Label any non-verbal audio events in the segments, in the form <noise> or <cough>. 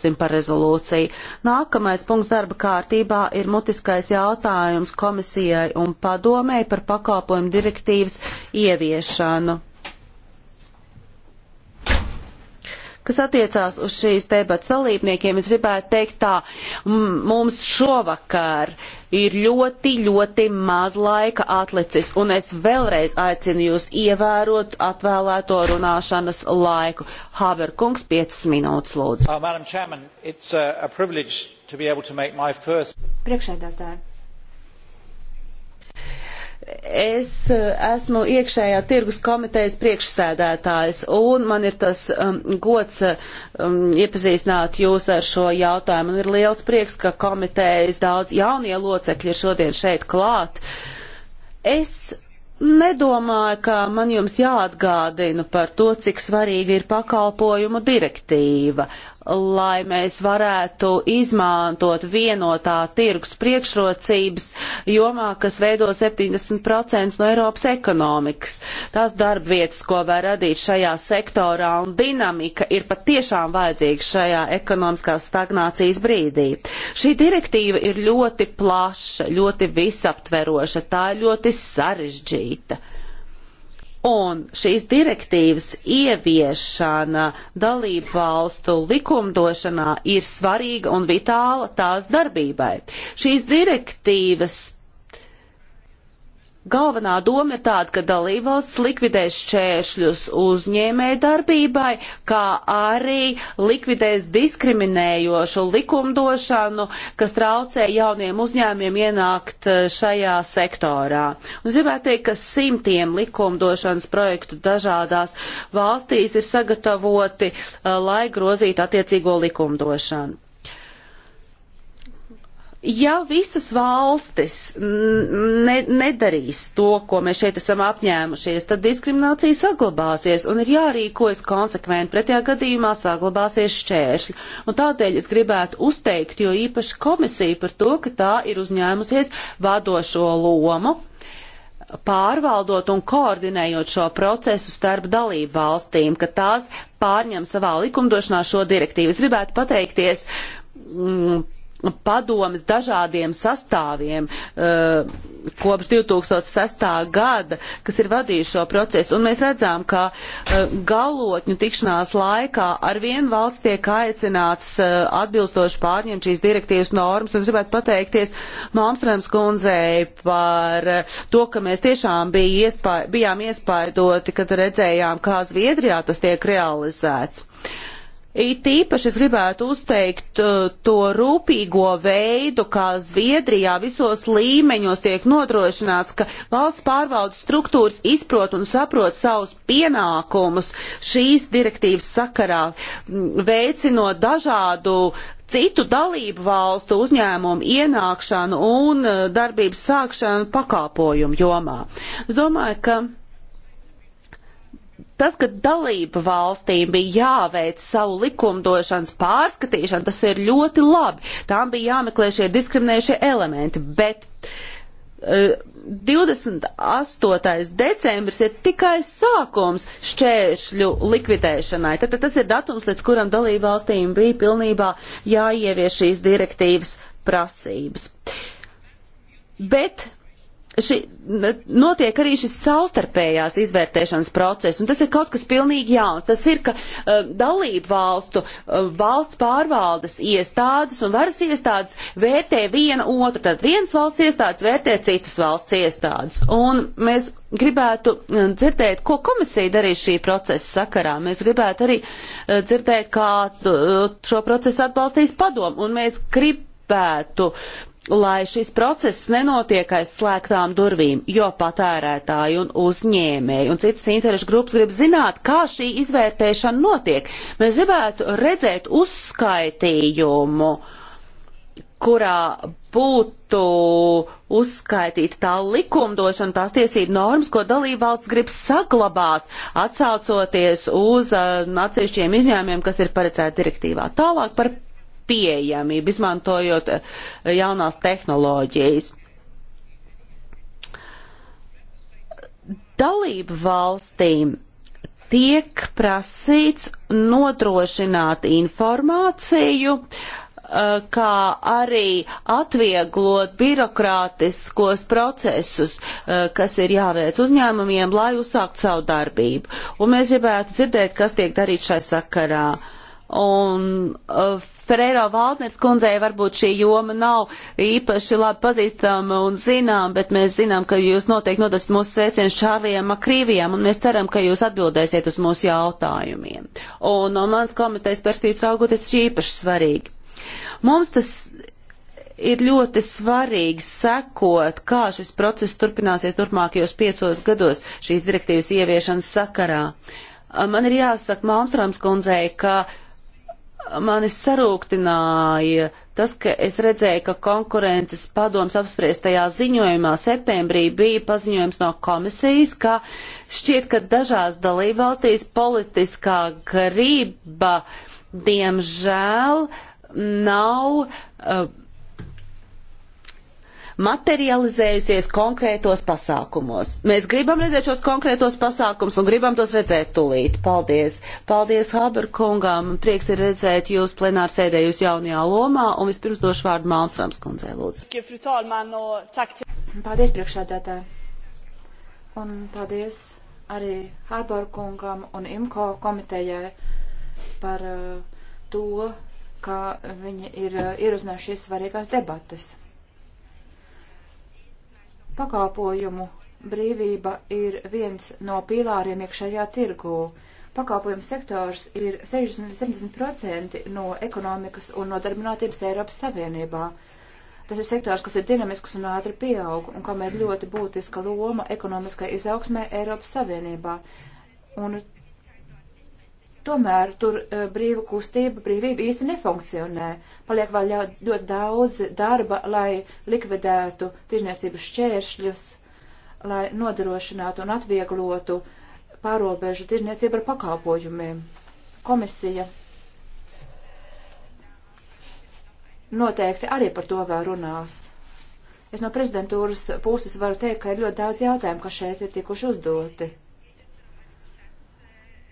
balsosim par rezolūciju. Nākamais punkts darba kārtībā ir mutiskais jautājums komisijai un padomēji par pakalpojumu direktīvas ieviešanu. Kas attiecās uz šīs debats dalībniekiem, es gribētu teikt tā, mums šovakar ir ļoti, ļoti maz laika atlicis, un es vēlreiz aicinu jūs ievērot atvēlēto runāšanas laiku. Haber kungs, 5 minūtes lūdzu. Uh, uh Priekšēdētāji. Es e, esmu iekšējā tirgus komitejas priekšsēdētājs, un man ir tas um, gods e, um, iepazīstināt jūs ar šo jautājumu. Man ir liels prieks, ka komitejas daudz jaunie locekļi ir šodien šeit klāt. Es nedomāju, ka man jums jāatgādina par to, cik svarīga ir pakalpojumu direktīva lai mēs varētu izmantot vienotā tirgus priekšrocības jomā, kas veido 70% no Eiropas ekonomikas. Tās darba vietas, ko var radīt šajā sektorā un dinamika ir patiešām vajadzīga šajā ekonomiskās stagnācijas brīdī. Šī direktīva ir ļoti plaša, ļoti visaptveroša, tā ir ļoti sarežģīta. Un šīs direktīvas ieviešana dalību valstu likumdošanā ir svarīga un vitāla tās darbībai. Šīs direktīvas Galvenā doma ir tāda, ka dalībvalsts likvidēs šķēršļus uzņēmēju darbībai, kā arī likvidēs diskriminējošu likumdošanu, kas traucē jauniem uzņēmiem ienākt eh, šajā sektorā. Un gribētu teikt, ka simtiem likumdošanas projektu dažādās valstīs ir sagatavoti, eh, lai grozītu attiecīgo likumdošanu. Ja visas valstis ne, nedarīs to, ko mēs šeit esam apņēmušies, tad diskriminācija saglabāsies un ir jārīkojas konsekventi, pretējā gadījumā saglabāsies šķēršļi. Un tādēļ es gribētu uzteikt, jo īpaši komisija par to, ka tā ir uzņēmusies vadošo lomu pārvaldot un koordinējot šo procesu starp dalību valstīm, ka tās pārņem savā likumdošanā šo direktīvu. Es gribētu pateikties mm, padomas dažādiem sastāviem uh, kopš 2006. gada, kas ir vadījuši šo procesu. Un mēs redzām, ka uh, galotņu tikšanās laikā ar vienu valsts tiek aicināts uh, atbilstoši pārņemt šīs direktīvas normas. Un es gribētu pateikties Malmstrēms kundzei par to, ka mēs tiešām bija iespā, bijām iespaidoti, kad redzējām, kā Zviedrijā tas tiek realizēts. Uh, It īpaši es gribētu uzteikt uh, to rūpīgo veidu, kā Zviedrijā visos līmeņos tiek nodrošināts, ka valsts pārvaldes struktūras izprot un saprot savus pienākumus šīs direktīvas sakarā, veicinot dažādu citu dalību valstu uzņēmumu ienākšanu un uh, darbības sākšanu pakāpojumu jomā. Es domāju, ka Tas, ka dalība valstīm bija jāveic savu likumdošanas pārskatīšanu, tas ir ļoti labi. Tām bija jāmeklē šie diskriminējušie elementi, bet 28. E, decembris ir tikai sākums šķēršļu likvidēšanai. Tad, tad tas ir datums, līdz kuram dalībvalstīm bija pilnībā jāievieš šīs direktīvas prasības. Bet Ši, notiek arī šis savstarpējās izvērtēšanas process, un tas ir kaut kas pilnīgi jauns. Tas ir, ka uh, dalību valstu, uh, valsts pārvaldes iestādes un varas iestādes vērtē viena otru, tad viens valsts iestādes vērtē citas valsts iestādes. Un mēs gribētu e, dzirdēt, ko komisija darīs šī procesa sakarā. Mēs gribētu arī dzirdēt, kā šo procesu atbalstīs padomu, un mēs gribam pētu lai šis process nenotiek aiz slēgtām durvīm, jo patērētāji un uzņēmēji un citas interešu grupas grib zināt, kā šī izvērtēšana notiek. Mēs gribētu redzēt uzskaitījumu, kurā būtu uzskaitīta tā likumdošana, tās tiesību normas, ko dalībvalsts grib saglabāt, atsaucoties uz uh, atsevišķiem izņēmumiem, kas ir paredzēti direktīvā. Tālāk par pieejamību, izmantojot eh, jaunās tehnoloģijas. Dalību valstīm tiek prasīts nodrošināt informāciju, eh, kā arī atvieglot birokrātiskos procesus, eh, kas ir jāveic uzņēmumiem, lai uzsākt savu darbību. Un mēs gribētu dzirdēt, kas tiek darīts šai sakarā. Un par Eiro Valdnes kundzei varbūt šī joma nav īpaši labi pazīstama un zinām, bet mēs zinām, ka jūs noteikti nodasit mūsu sveicienus Čārlijam Makrīvijam un mēs ceram, ka jūs atbildēsiet uz mūsu jautājumiem. Un no mans komitejas perspektīvas raugoties, šī īpaši svarīgi. Mums tas ir ļoti svarīgi sekot, kā šis process turpināsies turpmākajos piecos gados šīs direktīvas ieviešanas sakarā. Man ir jāsaka Malmstrāms kundzei, ka uh, mani sarūktināja tas, ka es redzēju, ka konkurences padoms apspriestajā ziņojumā septembrī bija paziņojums no komisijas, ka šķiet, ka dažās dalībvalstīs politiskā grība, diemžēl, nav uh, materializējusies konkrētos pasākumos. Mēs gribam redzēt šos konkrētos pasākumus un gribam tos redzēt tulīt. Paldies! Paldies Haber kungām! Prieks ir redzēt jūs plenārsēdē jūs jaunajā lomā un vispirms došu vārdu Malmstrāms kundzei lūdzu. Paldies priekšādātāji! Un paldies arī Harbor kungam un IMKO komitejai par uh, to, ka viņi ir uh, ierozinājuši šīs svarīgās debates. Pakāpojumu brīvība ir viens no pīlāriem iekšējā tirgū. Pakāpojumu sektors ir 60-70% no ekonomikas un nodarbinātības Eiropas Savienībā. Tas ir sektors, kas ir dinamisks un ātri pieaug, un kam ir ļoti būtiska loma ekonomiskai izaugsmē Eiropas Savienībā. Un Tomēr tur e, brīva kustība, brīvība īsti nefunkcionē. Paliek vēl ļoti daudz darba, lai likvidētu tirzniecības šķēršļus, lai nodrošinātu un atvieglotu pārobežu tirzniecību ar pakalpojumiem. Komisija noteikti arī par to vēl runās. Es no prezidentūras puses varu teikt, ka ir ļoti daudz jautājumu, kas šeit ir tikuši uzdoti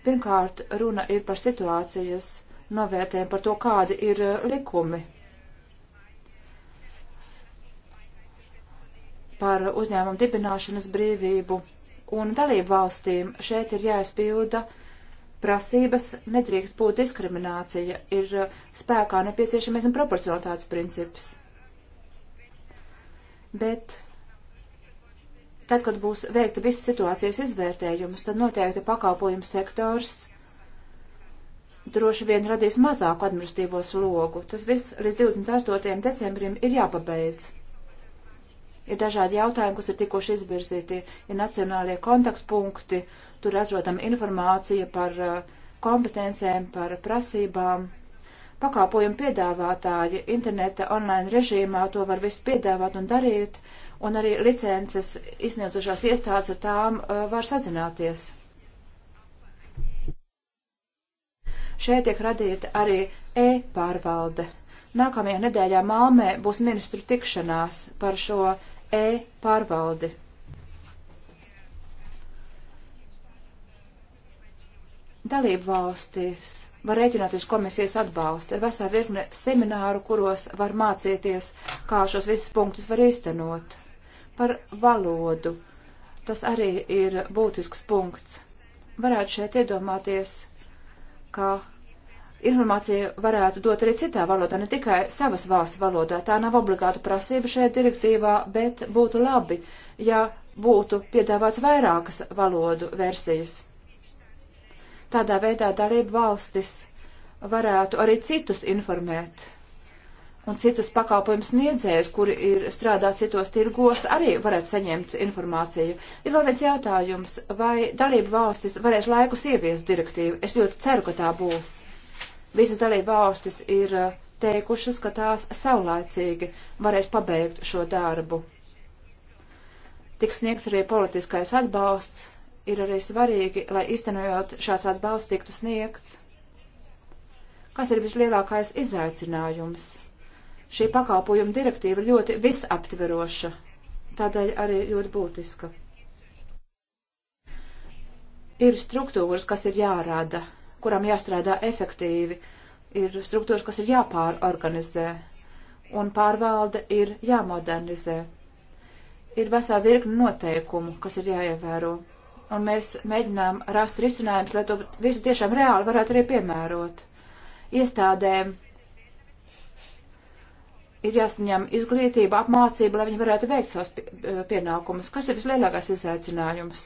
Pirmkārt, runa ir par situācijas novērtējumu, par to, kādi ir uh, likumi par uzņēmumu dibināšanas brīvību un dalību valstīm. Šeit ir jāizpilda prasības, nedrīkst būt diskriminācija, ir uh, spēkā nepieciešamies un proporcionalitātes princips. Bet Tad, kad būs veikta visas situācijas izvērtējums, tad noteikti pakalpojumu sektors droši vien radīs mazāku administratīvo slogu. Tas viss līdz 28. decembrim ir jāpabeidz. Ir dažādi jautājumi, kas ir tikuši izvirzīti, ir nacionālie kontaktpunkti, tur atrodam informācija par uh, kompetencēm, par prasībām. Pakāpojumu piedāvātāji interneta online režīmā to var visu piedāvāt un darīt, un arī licences izsniedzušās iestādes ar tām uh, var sazināties. Šeit tiek radīta arī e-pārvalde. Nākamajā nedēļā Malmē būs ministru tikšanās par šo e-pārvaldi. Dalību valstīs var rēķināties komisijas atbalstu. Ir vesela virkne semināru, kuros var mācīties, kā šos visus punktus var īstenot. Par valodu. Tas arī ir būtisks punkts. Varētu šeit iedomāties, ka informāciju varētu dot arī citā valodā, ne tikai savas valsts valodā. Tā nav obligāta prasība šajā direktīvā, bet būtu labi, ja būtu piedāvāts vairākas valodu versijas. Tādā veidā dalību valstis varētu arī citus informēt un citus pakalpojumus niedzējus, kuri ir strādā citos tirgos, arī varētu saņemt informāciju. Ir vēl viens jautājums, vai dalību valstis varēs laikus ievies direktīvu? Es ļoti ceru, ka tā būs. Visas dalību valstis ir eh, teikušas, ka tās saulaicīgi varēs pabeigt šo darbu. Tiks sniegs arī politiskais atbalsts. Ir arī svarīgi, lai iztenojot šāds atbalsts tiktu sniegts. Kas ir vislielākais izaicinājums? šī pakalpojuma direktīva ir ļoti visaptveroša, tādēļ arī ļoti būtiska. Ir struktūras, kas ir jārāda, kurām jāstrādā efektīvi, ir struktūras, kas ir jāpārorganizē, un pārvalde ir jāmodernizē. Ir vesā virkni noteikumu, kas ir jāievēro, un mēs mēģinām rast risinājumus, lai to visu tiešām reāli varētu arī piemērot. Iestādēm ir jāsaņem izglītība, apmācība, lai viņi varētu veikt savus pienākumus. Kas ir vislielākais izaicinājums?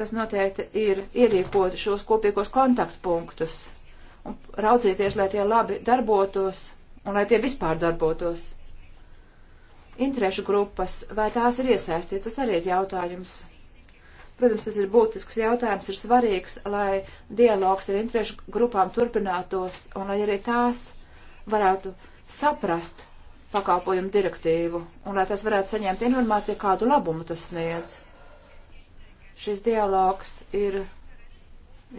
Tas noteikti ir ierīkot šos kopīgos kontaktpunktus un raudzīties, lai tie labi darbotos un lai tie vispār darbotos. Interešu grupas, vai tās ir iesaistītas, tas arī ir jautājums. Protams, tas ir būtisks jautājums, ir svarīgs, lai dialogs ar interešu grupām turpinātos un lai arī tās varētu saprast, pakalpojumu direktīvu, un lai tas varētu saņemt informāciju, kādu labumu tas sniedz. Šis dialogs ir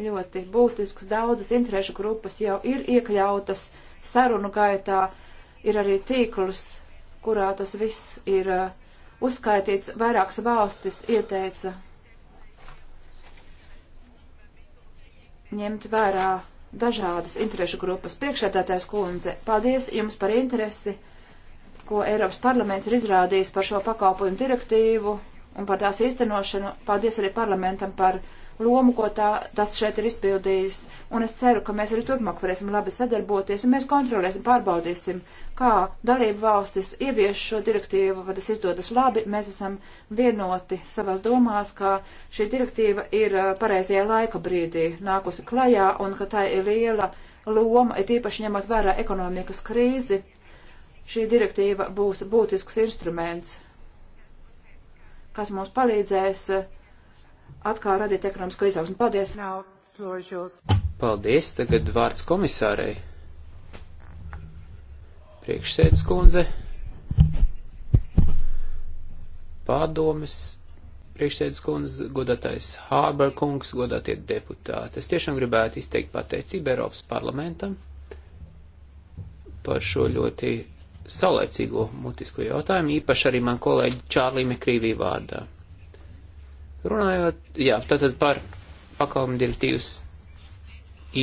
ļoti būtisks, daudzas interešu grupas jau ir iekļautas sarunu gaitā, ir arī tīkls, kurā tas viss ir uh, uzskaitīts, vairākas valstis ieteica ņemt vērā dažādas interešu grupas. Priekšsēdētājs kundze, paldies jums par interesi! ko Eiropas parlaments ir izrādījis par šo pakalpojumu direktīvu un par tās īstenošanu. Paldies arī parlamentam par lomu, ko tā, tas šeit ir izpildījis. Un es ceru, ka mēs arī turpmāk varēsim labi sadarboties un mēs kontrolēsim, pārbaudīsim, kā dalību valstis ievieš šo direktīvu, vai tas izdodas labi. Mēs esam vienoti savās domās, ka šī direktīva ir uh, pareizajā laika brīdī nākusi klajā un ka tā ir liela loma, ir tīpaši ņemot vērā ekonomikas krīzi Šī direktīva būs būtisks instruments, kas mums palīdzēs eh, atkal radīt ekonomisko izaugsmu. Paldies! Paldies! Tagad vārds komisārei. Priekšsēdus kundze. Pārdomas priekšsēdus kundze, godātais Hārber kungs, godātie deputāti. Es tiešām gribētu izteikt pateicību Eiropas parlamentam par šo ļoti saulēcīgo mutisko jautājumu, īpaši arī man kolēģi Čārlī Mekrīvī vārdā. Runājot, jā, tātad par pakalmu direktīvas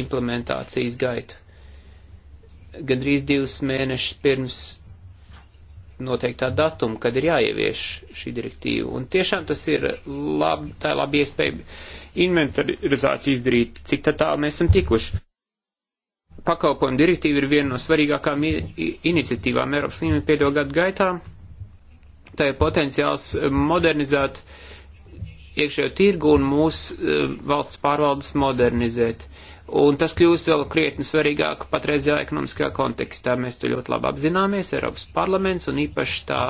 implementācijas gaitu. Gandrīz divus mēnešus pirms noteiktā datuma, kad ir jāievieš šī direktīva. Un tiešām tas ir labi, tā ir laba iespēja inventarizāciju izdarīt, cik tā tālu mēs esam tikuši pakalpojumu direktīva ir viena no svarīgākām iniciatīvām Eiropas līmenī pēdējo gadu gaitā. Tā ir potenciāls eh, modernizēt iekšējo tirgu un mūsu eh, valsts pārvaldes modernizēt. Un tas kļūst vēl krietni svarīgāk patreizajā ekonomiskajā kontekstā. Mēs to ļoti labi apzināmies, Eiropas parlaments un īpaši tā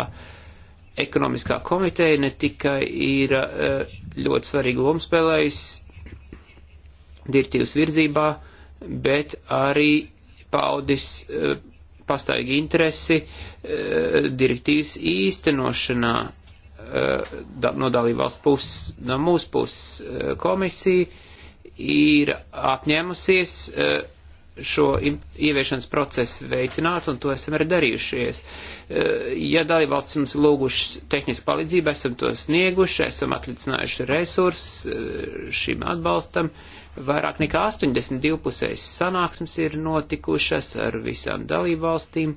ekonomiskā komiteja ne tikai ir eh, ļoti svarīgu lomu spēlējis direktīvas virzībā, bet arī paudis eh, pastāvīgi interesi eh, direktīvas īstenošanā eh, no dalībvalsts puses, no mūsu puses komisija ir apņēmusies šo ieviešanas procesu veicināt, un to esam arī darījušies. Ja dalībvalsts mums lūguši tehnisku palīdzību, esam to snieguši, esam atlicinājuši resursus šim atbalstam, uh, Vairāk nekā 80 divpusējas sanāksmes ir notikušas ar visām dalībvalstīm.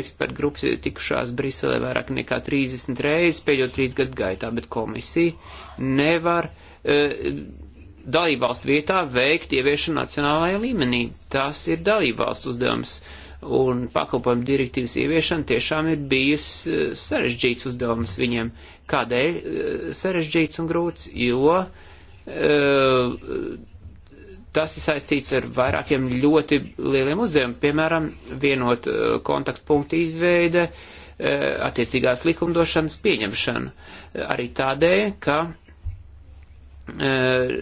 Ekspertu grupas ir tikušās Briselē vairāk nekā 30 reizes pēdējo trīs gadu gaitā, bet komisija nevar e, dalībvalstu vietā veikt ieviešanu nacionālajā līmenī. Tas ir dalībvalstu uzdevums. Un pakalpojumu direktīvas ieviešana tiešām ir bijis e, sarežģīts uzdevums viņiem. Kādēļ e, sarežģīts un grūts? Jo. E, Tas ir saistīts ar vairākiem ļoti lieliem uzdevumiem, piemēram, vienot eh, kontaktpunktu izveide, eh, attiecīgās likumdošanas pieņemšana. Arī tādēļ, ka eh,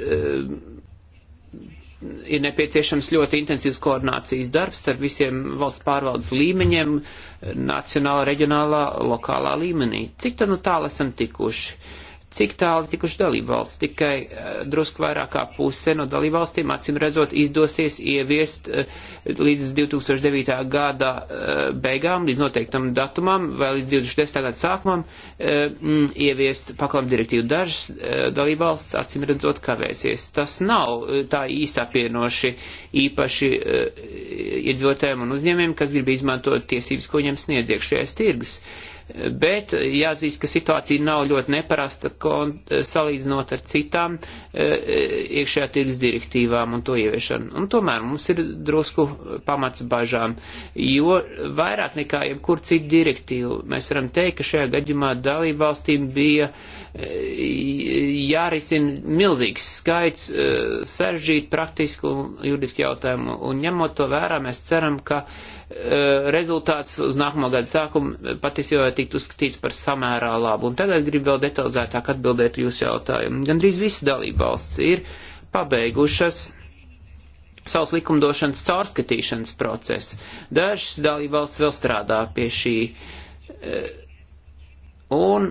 ir nepieciešams ļoti intensīvs koordinācijas darbs starp visiem valsts pārvaldes līmeņiem, nacionālā, reģionālā, lokālā līmenī. Cik tad nu tālu esam tikuši? Uh, cik tālu tikuši dalībvalsts. Tikai uh, drusku vairāk kā puse no dalībvalstīm, acīm redzot, izdosies ieviest uh, līdz 2009. gada uh, beigām, līdz noteiktam datumam vai līdz 2010. gada sākumam mm, ieviest pakalpojumu direktīvu. Dažas dalībvalsts, acīm redzot, kavēsies. Tas nav tā īstā pienoši īpaši iedzīvotājiem un uzņēmiem, kas grib izmantot tiesības, ko viņiem sniedz iekšējais tirgus. Uh, bet jāzīst, ka situācija nav ļoti neparasta salīdzinot ar citām e, e, iekšējā tirgus direktīvām un to ieviešanu. Un tomēr mums ir drusku pamats bažām, jo vairāk nekā jebkur citu direktīvu mēs varam teikt, ka šajā gadījumā dalību valstīm bija e, jārisina milzīgs skaits sarežģītu praktisku un juridisku jautājumu, un ņemot to vērā, mēs ceram, ka uh, rezultāts uz nākamā gada sākumu patiesībā tiktu uzskatīts par samērā labu. Un tagad gribu vēl detalizētāk atbildēt jūsu jautājumu. Gandrīz visas dalībvalsts ir pabeigušas savas likumdošanas caurskatīšanas procesu. Dažas dalībvalsts vēl strādā pie šī. Un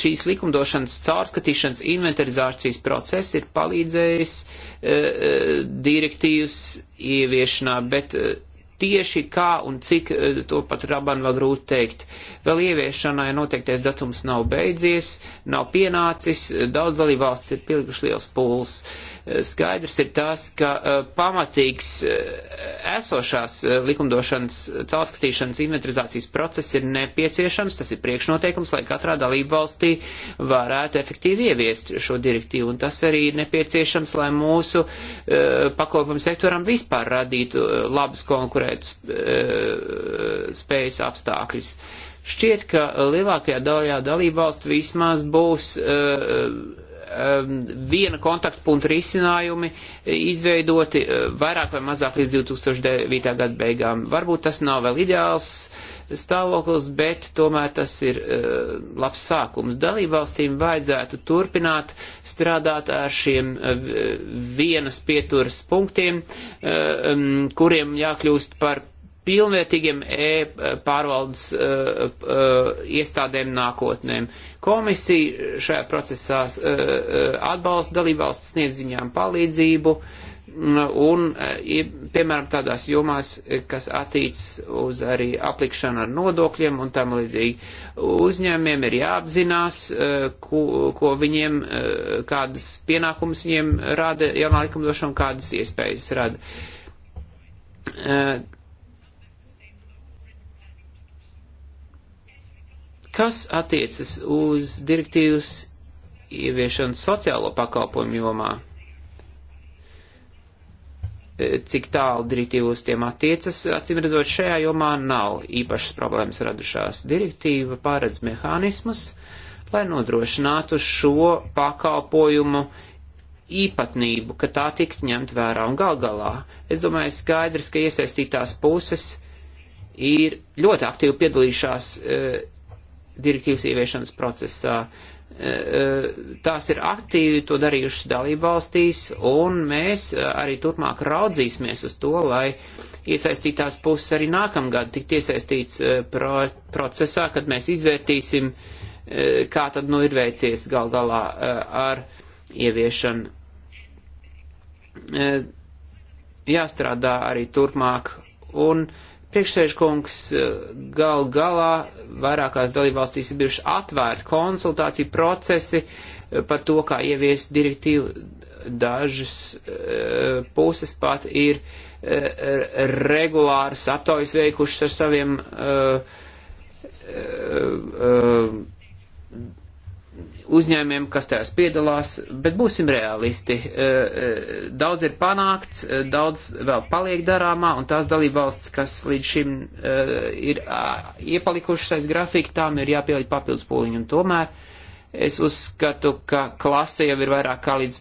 šīs likumdošanas caurskatīšanas inventarizācijas process ir palīdzējis direktīvas ieviešanā, bet tieši kā un cik eh, to pat raban vēl grūti teikt. Vēl ieviešanai noteiktais datums nav beidzies, nav pienācis, eh, daudz dalībvalsts ir pilguši liels pūls. Uh, Skaidrs ir tas, ka e, pamatīgs e, esošās e, likumdošanas caurskatīšanas inventarizācijas process ir nepieciešams, tas ir priekšnoteikums, lai katrā dalība valstī varētu efektīvi ieviest šo direktīvu, un tas arī ir nepieciešams, lai mūsu pakalpojumu sektoram vispār radītu labas konkurētas spējas apstākļus šķiet, ka lielākajā daļā dalībvalstu vismaz būs uh, um, viena kontaktpunkta risinājumi izveidoti uh, vairāk vai mazāk līdz 2009. gada beigām. Varbūt tas nav vēl ideāls stāvoklis, bet tomēr tas ir uh, labs sākums. Dalībvalstīm vajadzētu turpināt strādāt ar šiem uh, vienas pieturas punktiem, uh, um, kuriem jākļūst par pilnvērtīgiem e-pārvaldes uh, e, uh, e, iestādēm nākotnēm. Komisija šajā procesā uh, atbalsta dalībvalsts sniedz ziņām palīdzību un, piemēram, tādās jomās, kas attīts uz arī aplikšanu ar nodokļiem un tam līdzīgi. Uzņēmiem ir jāapzinās, ko, ko viņiem, kādas pienākumus viņiem rada jaunā likumdošana, kādas iespējas rada Kas attiecas uz direktīvas ieviešanu sociālo pakalpojumu jomā? E, cik tālu direktīva uz tiem attiecas, acīm redzot, šajā jomā nav īpašas problēmas radušās. Direktīva paredz mehānismus, lai nodrošinātu šo pakalpojumu īpatnību, ka tā tikt ņemt vērā un gal galā. Es domāju, skaidrs, ka iesaistītās puses ir ļoti aktīvi piedalījušās e, direktīvas ieviešanas procesā. E, e, tās ir aktīvi to darījušas dalībvalstīs, un mēs e, arī turpmāk raudzīsimies uz to, lai iesaistītās puses arī nākamgad tikt iesaistīts pro procesā, kad mēs izvērtīsim, kā tad nu ir veicies gal galā ar ieviešanu. Jāstrādā arī turpmāk, un uh, Priekšsēžkungs eh, gal galā vairākās dalībvalstīs ir bijuši atvērti konsultāciju procesi eh, par to, kā ieviest direktīvu. Dažas e, puses pat ir e, regulāras aptaujas veikušas ar saviem e, e, e, uzņēmiem, kas tajās piedalās, bet būsim realisti. Eh, eh, daudz ir panākts, eh, daudz vēl paliek darāmā, un tās dalībvalsts, kas līdz šim ir iepalikušas aiz grafika, tām ir jāpieliek papildus pūliņu, un tomēr es uzskatu, ka klase jau ir vairāk kā līdz,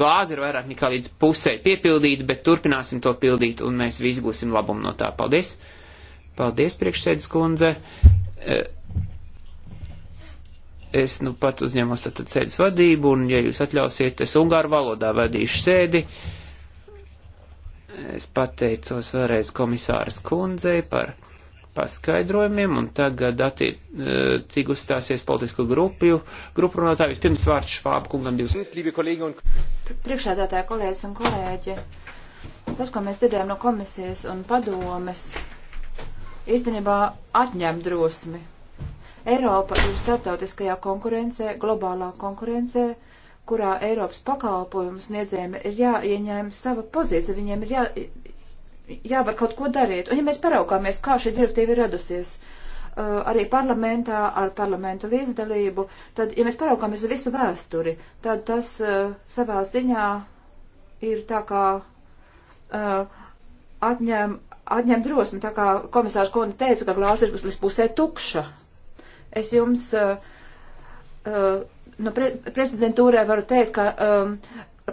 glāze ir vairāk nekā līdz pusē piepildīta, bet turpināsim to pildīt, un mēs visi gūsim labumu no tā. Paldies! Paldies, priekšsēdus kundze! es nu pat uzņemos tātad sēdes vadību, un, ja jūs atļausiet, es ungāru valodā vadīšu sēdi. Es pateicos vēlreiz komisāras kundzei par paskaidrojumiem, un tagad attiecīgi e, uzstāsies politisko grupu, grupu runātāju. Vispirms vārds Švābu kungam divas. Priekšādātāji kolēģis un kolēģi, tas, ko mēs dzirdējām no komisijas un padomes, īstenībā atņem drosmi Eiropa ir starptautiskajā konkurencē, globālā konkurencē, kurā Eiropas pakalpojumu sniedzējiem ir jāieņem sava pozīcija, viņiem ir jā, jāvar kaut ko darīt. Un ja mēs paraugāmies, kā šī direktīva ir radusies, uh, arī parlamentā, ar parlamentu līdzdalību, tad, ja mēs paraugāmies uz visu vēsturi, tad tas uh, savā ziņā ir tā kā uh, atņem, atņem drosmi, tā kā komisārs Konda teica, ka glāze ir līdz pusē tukša. Es jums uh, uh, no pre prezidentūrē varu teikt, ka um,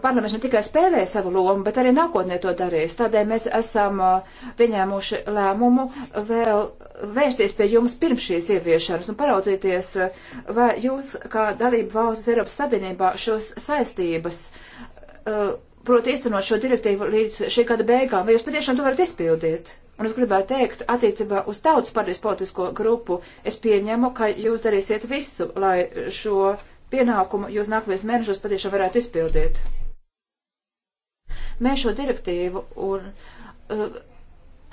parlaments ne tikai spēlē savu lomu, bet arī nākotnē to darīs. Tādēļ mēs esam uh, pieņēmuši lēmumu vēl vērsties pie jums pirms šīs ieviešanas un nu, paraudzīties, uh, vai jūs kā dalība valsts Eiropas Savienībā šos saistības, uh, proti īstenot šo direktīvu līdz šī gada beigām, vai jūs patiešām to varat izpildīt? Un es gribētu teikt, attiecībā uz tautas partijas politisko grupu, es pieņemu, ka jūs darīsiet visu, lai šo pienākumu jūs nākamajos mēnešos patiešām varētu izpildīt. Mēs šo direktīvu un uh,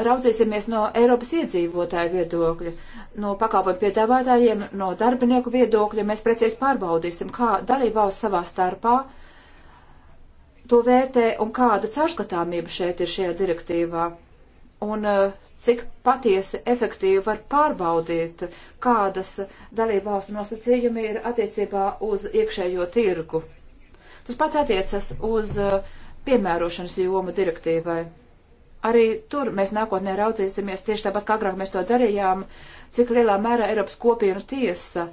raudzīsimies no Eiropas iedzīvotāju viedokļa, no pakalpojumu piedāvātājiem, no darbinieku viedokļa. Mēs precīzi pārbaudīsim, kā dalībvalsts savā starpā to vērtē un kāda caurskatāmība šeit ir šajā direktīvā un uh, cik patiesi efektīvi var pārbaudīt, kādas dalībvalstu nosacījumi ir attiecībā uz iekšējo tirgu. Tas pats attiecas uz uh, piemērošanas jomu direktīvai. Arī tur mēs nākotnē raudzīsimies tieši tāpat, kā agrāk mēs to darījām, cik lielā mērā Eiropas kopienu tiesa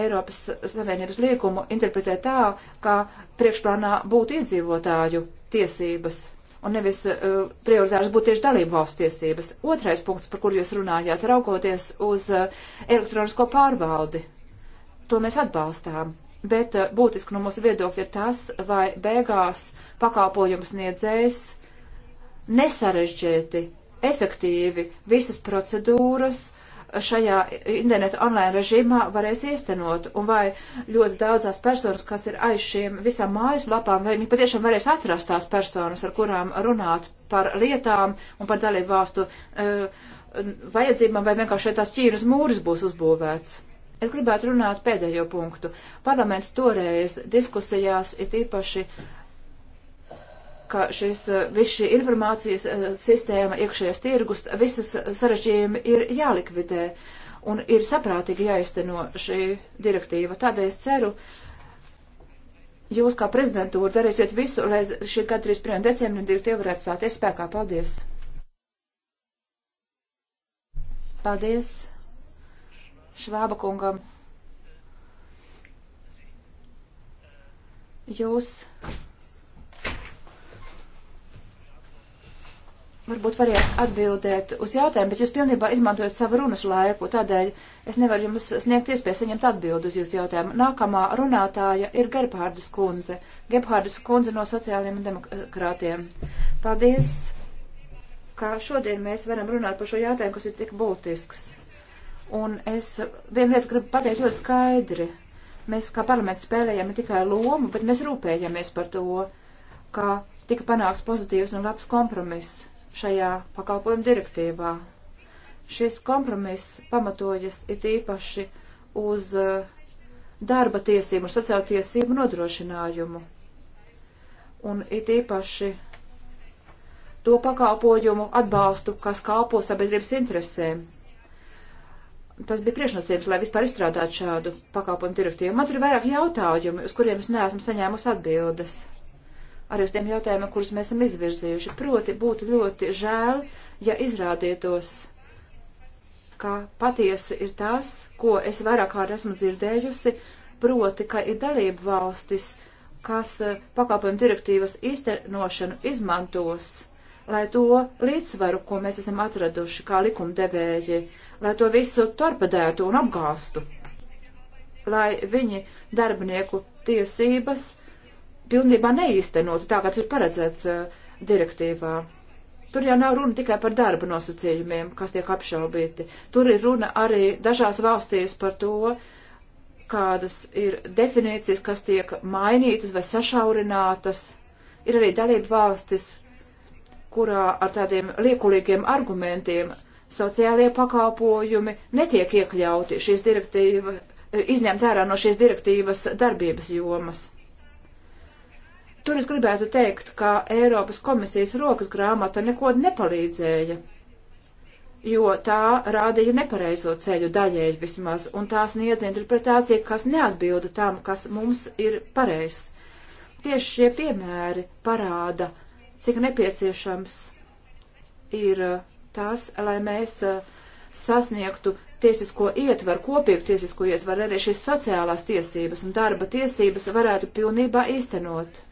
Eiropas Savienības liekumu interpretē tā, ka priekšplānā būtu iedzīvotāju tiesības un nevis uh, prioritārs būtu tieši dalību valsts tiesības. Otrais punkts, par kur jūs runājāt, raugoties uz uh, elektronisko pārvaldi. To mēs atbalstām, bet uh, būtiski no mūsu viedokļa ir tas, lai beigās pakalpojums niedzējs nesarežģēti, efektīvi visas procedūras uh, šajā internetu online režīmā varēs iestenot, un vai ļoti daudzās personas, kas ir aiz šiem visām mājaslapām, vai viņi patiešām varēs atrast tās personas, ar kurām runāt par lietām un par dalību valstu uh, vajadzībām, vai vienkārši tās ķīras mūris būs uzbūvēts. Es gribētu runāt pēdējo punktu. Parlaments toreiz diskusijās ir īpaši uh, ka šis, eh, viss šī informācijas eh, sistēma, iekšējais tirgus, visas sarežģījumi ir jālikvidē un ir saprātīgi jāizteno šī direktīva. Tādēļ es ceru, jūs kā prezidentūra darīsiet visu, lai šī gada 31. decembra direktīva varētu stāties spēkā. Paldies! Paldies Švāba kungam! Jūs varbūt varēs atbildēt uz jautājumu, bet jūs pilnībā izmantojat savu runas laiku, tādēļ es nevaru jums sniegt iespēju saņemt atbildi uz jūsu jautājumu. Nākamā runātāja ir Gerhārdas kundze. Gerhārdas kundze no sociāliem demokrātiem. Paldies, ka šodien mēs varam runāt par šo jautājumu, kas ir tik būtisks. Un es vienu lietu gribu pateikt ļoti skaidri. Mēs kā parlaments spēlējam ne tikai lomu, bet mēs rūpējamies par to, ka tika panāks pozitīvs un labs kompromiss šajā pakalpojuma direktīvā. Šis kompromiss pamatojas it īpaši uz uh, darba tiesību un sociālo tiesību nodrošinājumu. Un it īpaši to pakalpojumu atbalstu, kas kalpo sabiedrības interesēm. Tas bija priekšnosacījums, lai vispār izstrādātu šādu pakalpojumu direktīvu. Man tur ir vairāk jautājumi, uz kuriem es neesmu saņēmusi atbildes arī uz tiem jautājumiem, kurus mēs esam izvirzījuši. Proti, būtu ļoti žēl, ja izrādītos, ka patiesi ir tas, ko es vairāk kārt esmu dzirdējusi, proti, ka ir dalība valstis, kas eh, pakalpojumu direktīvas īstenošanu izmantos, lai to līdzsvaru, ko mēs esam atraduši kā likumdevēji, lai to visu torpedētu un apgāstu, lai viņi darbinieku tiesības pilnībā neīstenota tā, kā tas ir paredzēts uh, direktīvā. Tur jau nav runa tikai par darba nosacījumiem, kas tiek apšaubīti. Tur ir runa arī dažās valstīs par to, kādas ir definīcijas, kas tiek mainītas vai sašaurinātas. Ir arī dalība valstis, kurā ar tādiem liekulīgiem argumentiem sociālie pakalpojumi netiek iekļauti šīs direktīva, eh, izņemt ārā no šīs direktīvas darbības jomas. Tur es gribētu teikt, ka Eiropas komisijas rokas grāmata neko nepalīdzēja, jo tā rādīja nepareizo ceļu daļēji vismaz, un tās niedz interpretācija, kas neatbilda tam, kas mums ir pareizs. Tieši šie piemēri parāda, cik nepieciešams ir uh, tas, lai mēs uh, sasniegtu tiesisko ietvaru, kopīgu tiesisko ietvaru, arī šīs sociālās tiesības un darba tiesības varētu pilnībā īstenot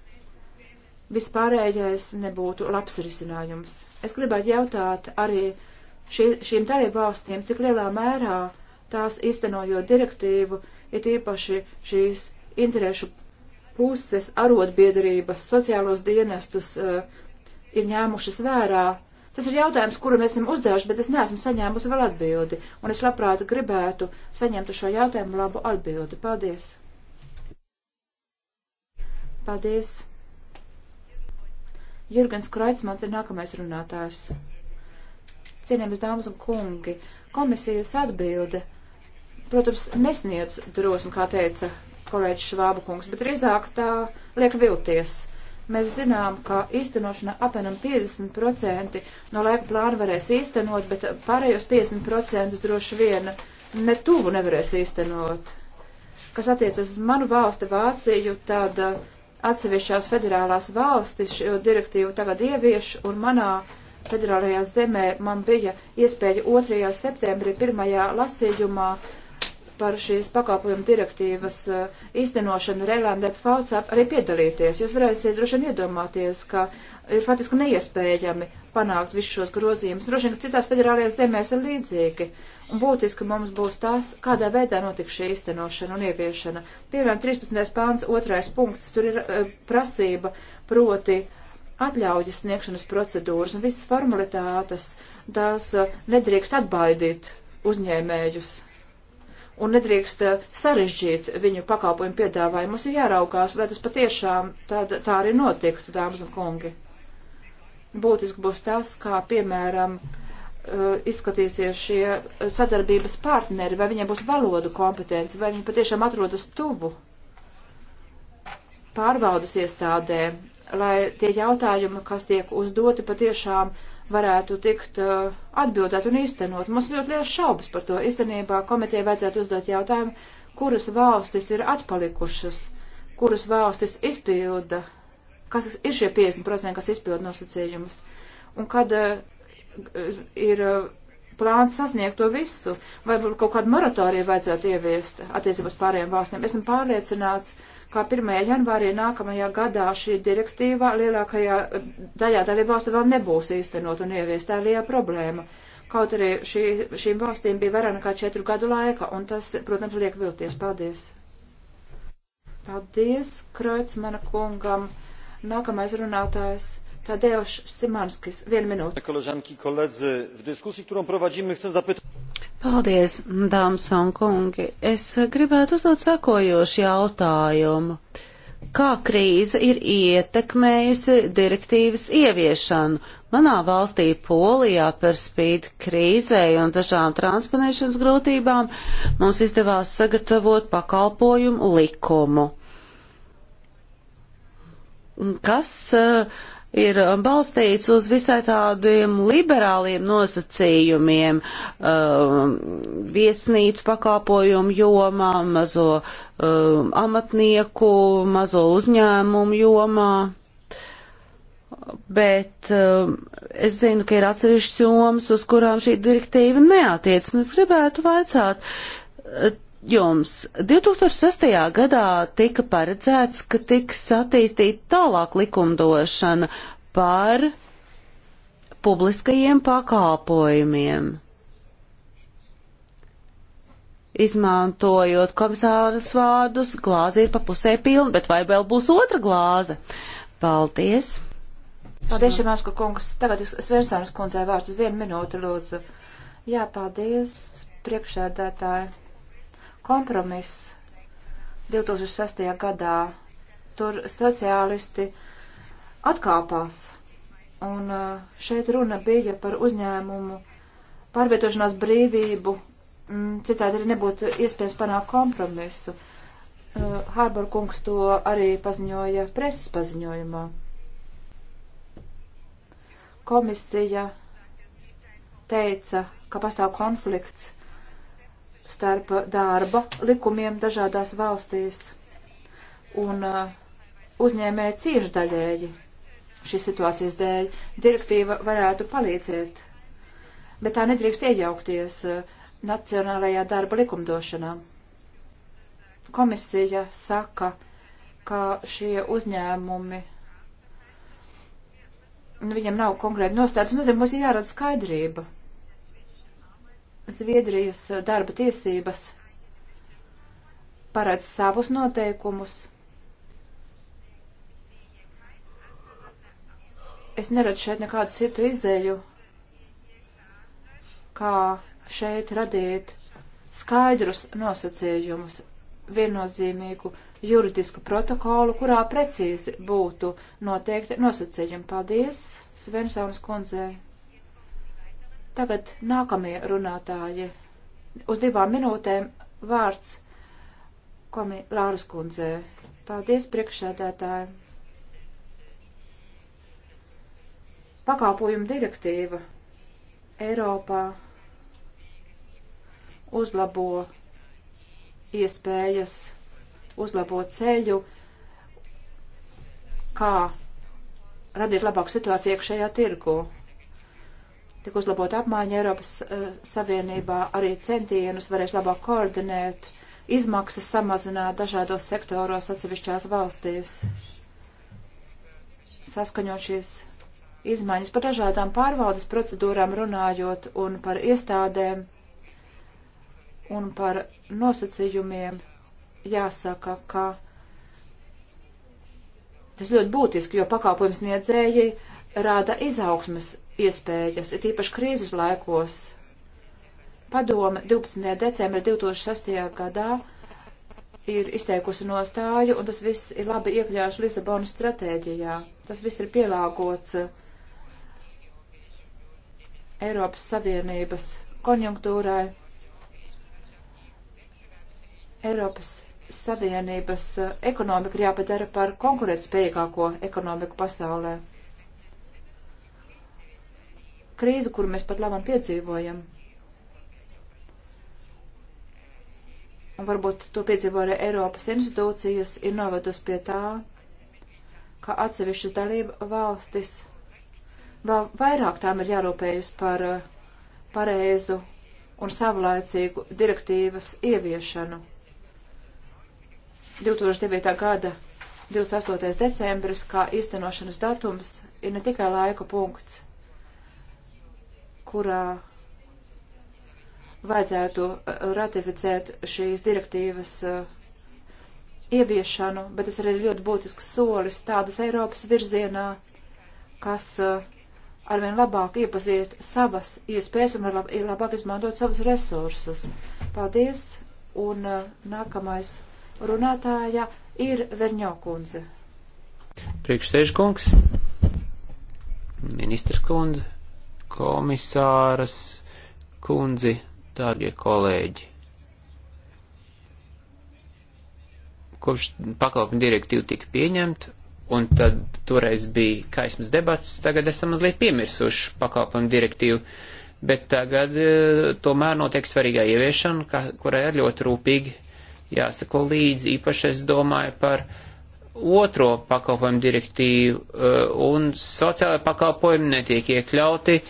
vispārējais nebūtu labs risinājums. Es gribētu jautāt arī šī, šīm dalību valstīm, cik lielā mērā tās iztenojot direktīvu, ir īpaši šīs interešu puses, arotbiedrības, sociālos dienestus uh, ir ņēmušas vērā. Tas ir jautājums, kuru mēs esam uzdevuši, bet es neesmu saņēmusi vēl atbildi, un es labprāt gribētu saņemt uz šo jautājumu labu atbildi. Paldies! Paldies! Jurgens Kreutzmans ir nākamais runātājs. Cienījamas dāmas un kungi, komisijas atbilde, protams, nesniedz drosmi, kā teica kolēģis Švāba kungs, bet drīzāk tā liek vilties. Mēs zinām, ka īstenošana apmēram 50% no laika plāna varēs īstenot, bet pārējos 50% droši vien ne tuvu nevarēs īstenot. Kas attiecas uz manu valsti Vāciju, tad atsevišķās federālās valstis šo direktīvu tagad ievieš, un manā federālajā zemē man bija iespēja 2. septembrī pirmajā lasījumā uh, par šīs pakalpojumu direktīvas eh, īstenošanu Reilandē Falcap arī piedalīties. Jūs varēsiet droši vien iedomāties, ka ir faktiski neiespējami panākt visus šos grozījumus. Droši vien, ka citās federālajās zemēs ir līdzīgi. Un būtiski mums būs tas, kādā veidā notiks šī īstenošana un ieviešana. Piemēram, 13. pāns, otrais punkts, tur ir uh, prasība proti atļaujas sniegšanas procedūras un visas formalitātes, tās uh, nedrīkst atbaidīt uzņēmējus un nedrīkst eh, sarežģīt viņu pakalpojumu piedāvājumu. Mums ir jāraukās, lai tas patiešām tā, tā arī notiktu, dāmas un kungi. Būtiski būs tas, kā piemēram eh, izskatīsies šie eh, sadarbības partneri, vai viņiem būs valodu kompetence, vai viņi patiešām atrodas tuvu pārbaudas iestādēm, lai tie jautājumi, kas tiek uzdoti, patiešām uh, varētu tikt uh, atbildēt un īstenot. Mums ļoti liels šaubas par to. Īstenībā komitē vajadzētu uzdot jautājumu, kuras valstis ir atpalikušas, kuras valstis izpilda, kas ir šie 50%, kas izpilda nosacījumus. Un kad uh, ir uh, plāns sasniegt to visu, vai kaut kādu moratoriju vajadzētu ieviest attiecībā uz pārējām valstīm. Esmu pārliecināts, uh, kā 1. janvārī nākamajā gadā šī direktīva lielākajā daļā dalībvalstu vēl nebūs īstenot un ieviest tā liela problēma. Kaut arī šī, šīm valstīm bija vairāk nekā četru gadu laika, un tas, protams, liek vilties. Paldies! Paldies, Kreits, mana kungam! Nākamais runātājs Tadeusz Simanskis, vienu minūti. Koleżanki, koledzy, w dyskusji, którą prowadzimy, chcę zapytać. Paldies, dāmas un kungi. Es gribētu uzdot sakojošu jautājumu. Kā krīze ir ietekmējusi direktīvas ieviešanu? Manā valstī Polijā par spīti krīzei un dažām transponēšanas grūtībām mums izdevās sagatavot pakalpojumu likumu kas uh, ir um, balstīts uz visai tādiem liberāliem nosacījumiem, um, viesnīcu pakāpojumu jomā, mazo um, amatnieku, mazo uzņēmumu jomā. Bet um, es zinu, ka ir atsevišķas jomas, uz kurām šī direktīva neatiec, un es gribētu vaicāt, jums 2006. gadā tika paredzēts, ka tiks attīstīta tālāk likumdošana par publiskajiem pakalpojumiem izmantojot komisāras vārdus, glāze ir pa pusē pilna, bet vai vēl būs otra glāze? Paldies! Paldies, Šemāska kungs. Tagad es svērsānas kundzei vārds uz vienu minūti, lūdzu. Jā, paldies, priekšēdētāji kompromiss 2006. gadā. Tur sociālisti atkāpās. Un uh, šeit runa bija par uzņēmumu pārvietošanās brīvību. Mm, citādi arī nebūtu iespējams panākt kompromisu. Hārbor uh, kungs to arī paziņoja preses paziņojumā. Komisija teica, ka pastāv konflikts starp darba likumiem dažādās valstīs. Un uh, uzņēmēji cieši daļēji šīs situācijas dēļ. Direktīva varētu palīdzēt, bet tā nedrīkst iejaukties uh, nacionālajā darba likumdošanā. Komisija saka, ka šie uzņēmumi nu, viņam nav konkrēti nostādes, nu, zem mums ir jārada skaidrība. Zviedrijas darba tiesības paredz savus noteikumus. Es neredzu šeit nekādu citu izēju, kā šeit radīt skaidrus nosacījumus, viennozīmīgu juridisku protokolu, kurā precīzi būtu noteikti nosacījumi. Paldies, Svensaunas kundzei! Tagad nākamie runātāji. Uz divām minūtēm vārds komi Lāras kundzē. Paldies, priekšsēdētāji. Pakāpojuma direktīva Eiropā uzlabo iespējas, uzlabo ceļu, kā radīt labāku situāciju iekšējā tirgu tik uzlabot apmaiņu Eiropas uh, Savienībā, arī centienus varēs labāk koordinēt, izmaksas samazināt dažādos sektoros atsevišķās valstīs, saskaņot šīs izmaiņas par dažādām pārvaldes procedūrām runājot un par iestādēm un par nosacījumiem jāsaka, ka tas ļoti būtiski, jo pakalpojums niedzēji rāda izaugsmas iespējas, ir tīpaši krīzes laikos. Padome 12. decembra 2006. gadā ir izteikusi nostāju, un tas viss ir labi iekļauts Lisabonas stratēģijā. Tas viss ir pielāgots uh, Eiropas Savienības konjunktūrai, Eiropas Savienības uh, ekonomika ir jāpadara par konkurētspējīgāko ekonomiku pasaulē krīzi, kuru mēs pat labam piedzīvojam. Un varbūt to piedzīvo arī Eiropas institūcijas, ir novedus pie tā, ka atsevišķas dalība valstis vēl vairāk tām ir jārūpējas par eh, pareizu un savlaicīgu direktīvas ieviešanu. 2009. gada 28. decembris kā īstenošanas datums ir ne tikai laika punkts, kurā vajadzētu uh, ratificēt šīs direktīvas uh, ieviešanu, bet tas arī ir ļoti būtisks solis tādas Eiropas virzienā, kas uh, arvien labāk iepazīst savas iespējas un ir labāk izmantot savus resursus. Paldies! Un nākamais runātāja ir Verņokundze. Priekšsēžkungs, ministrs kundze komisāras kundzi, dārgie kolēģi. Kopš pakalpuma direktīva tika pieņemta, un tad toreiz bija kaismas debats, tagad esam mazliet piemirsuši pakalpuma direktīvu, bet tagad e, tomēr notiek svarīgā ieviešana, kurai ir ļoti rūpīgi jāsako līdzi, īpaši es domāju par uh, otro pakalpojumu direktīvu, eh, un sociālai pakalpojumi netiek iekļauti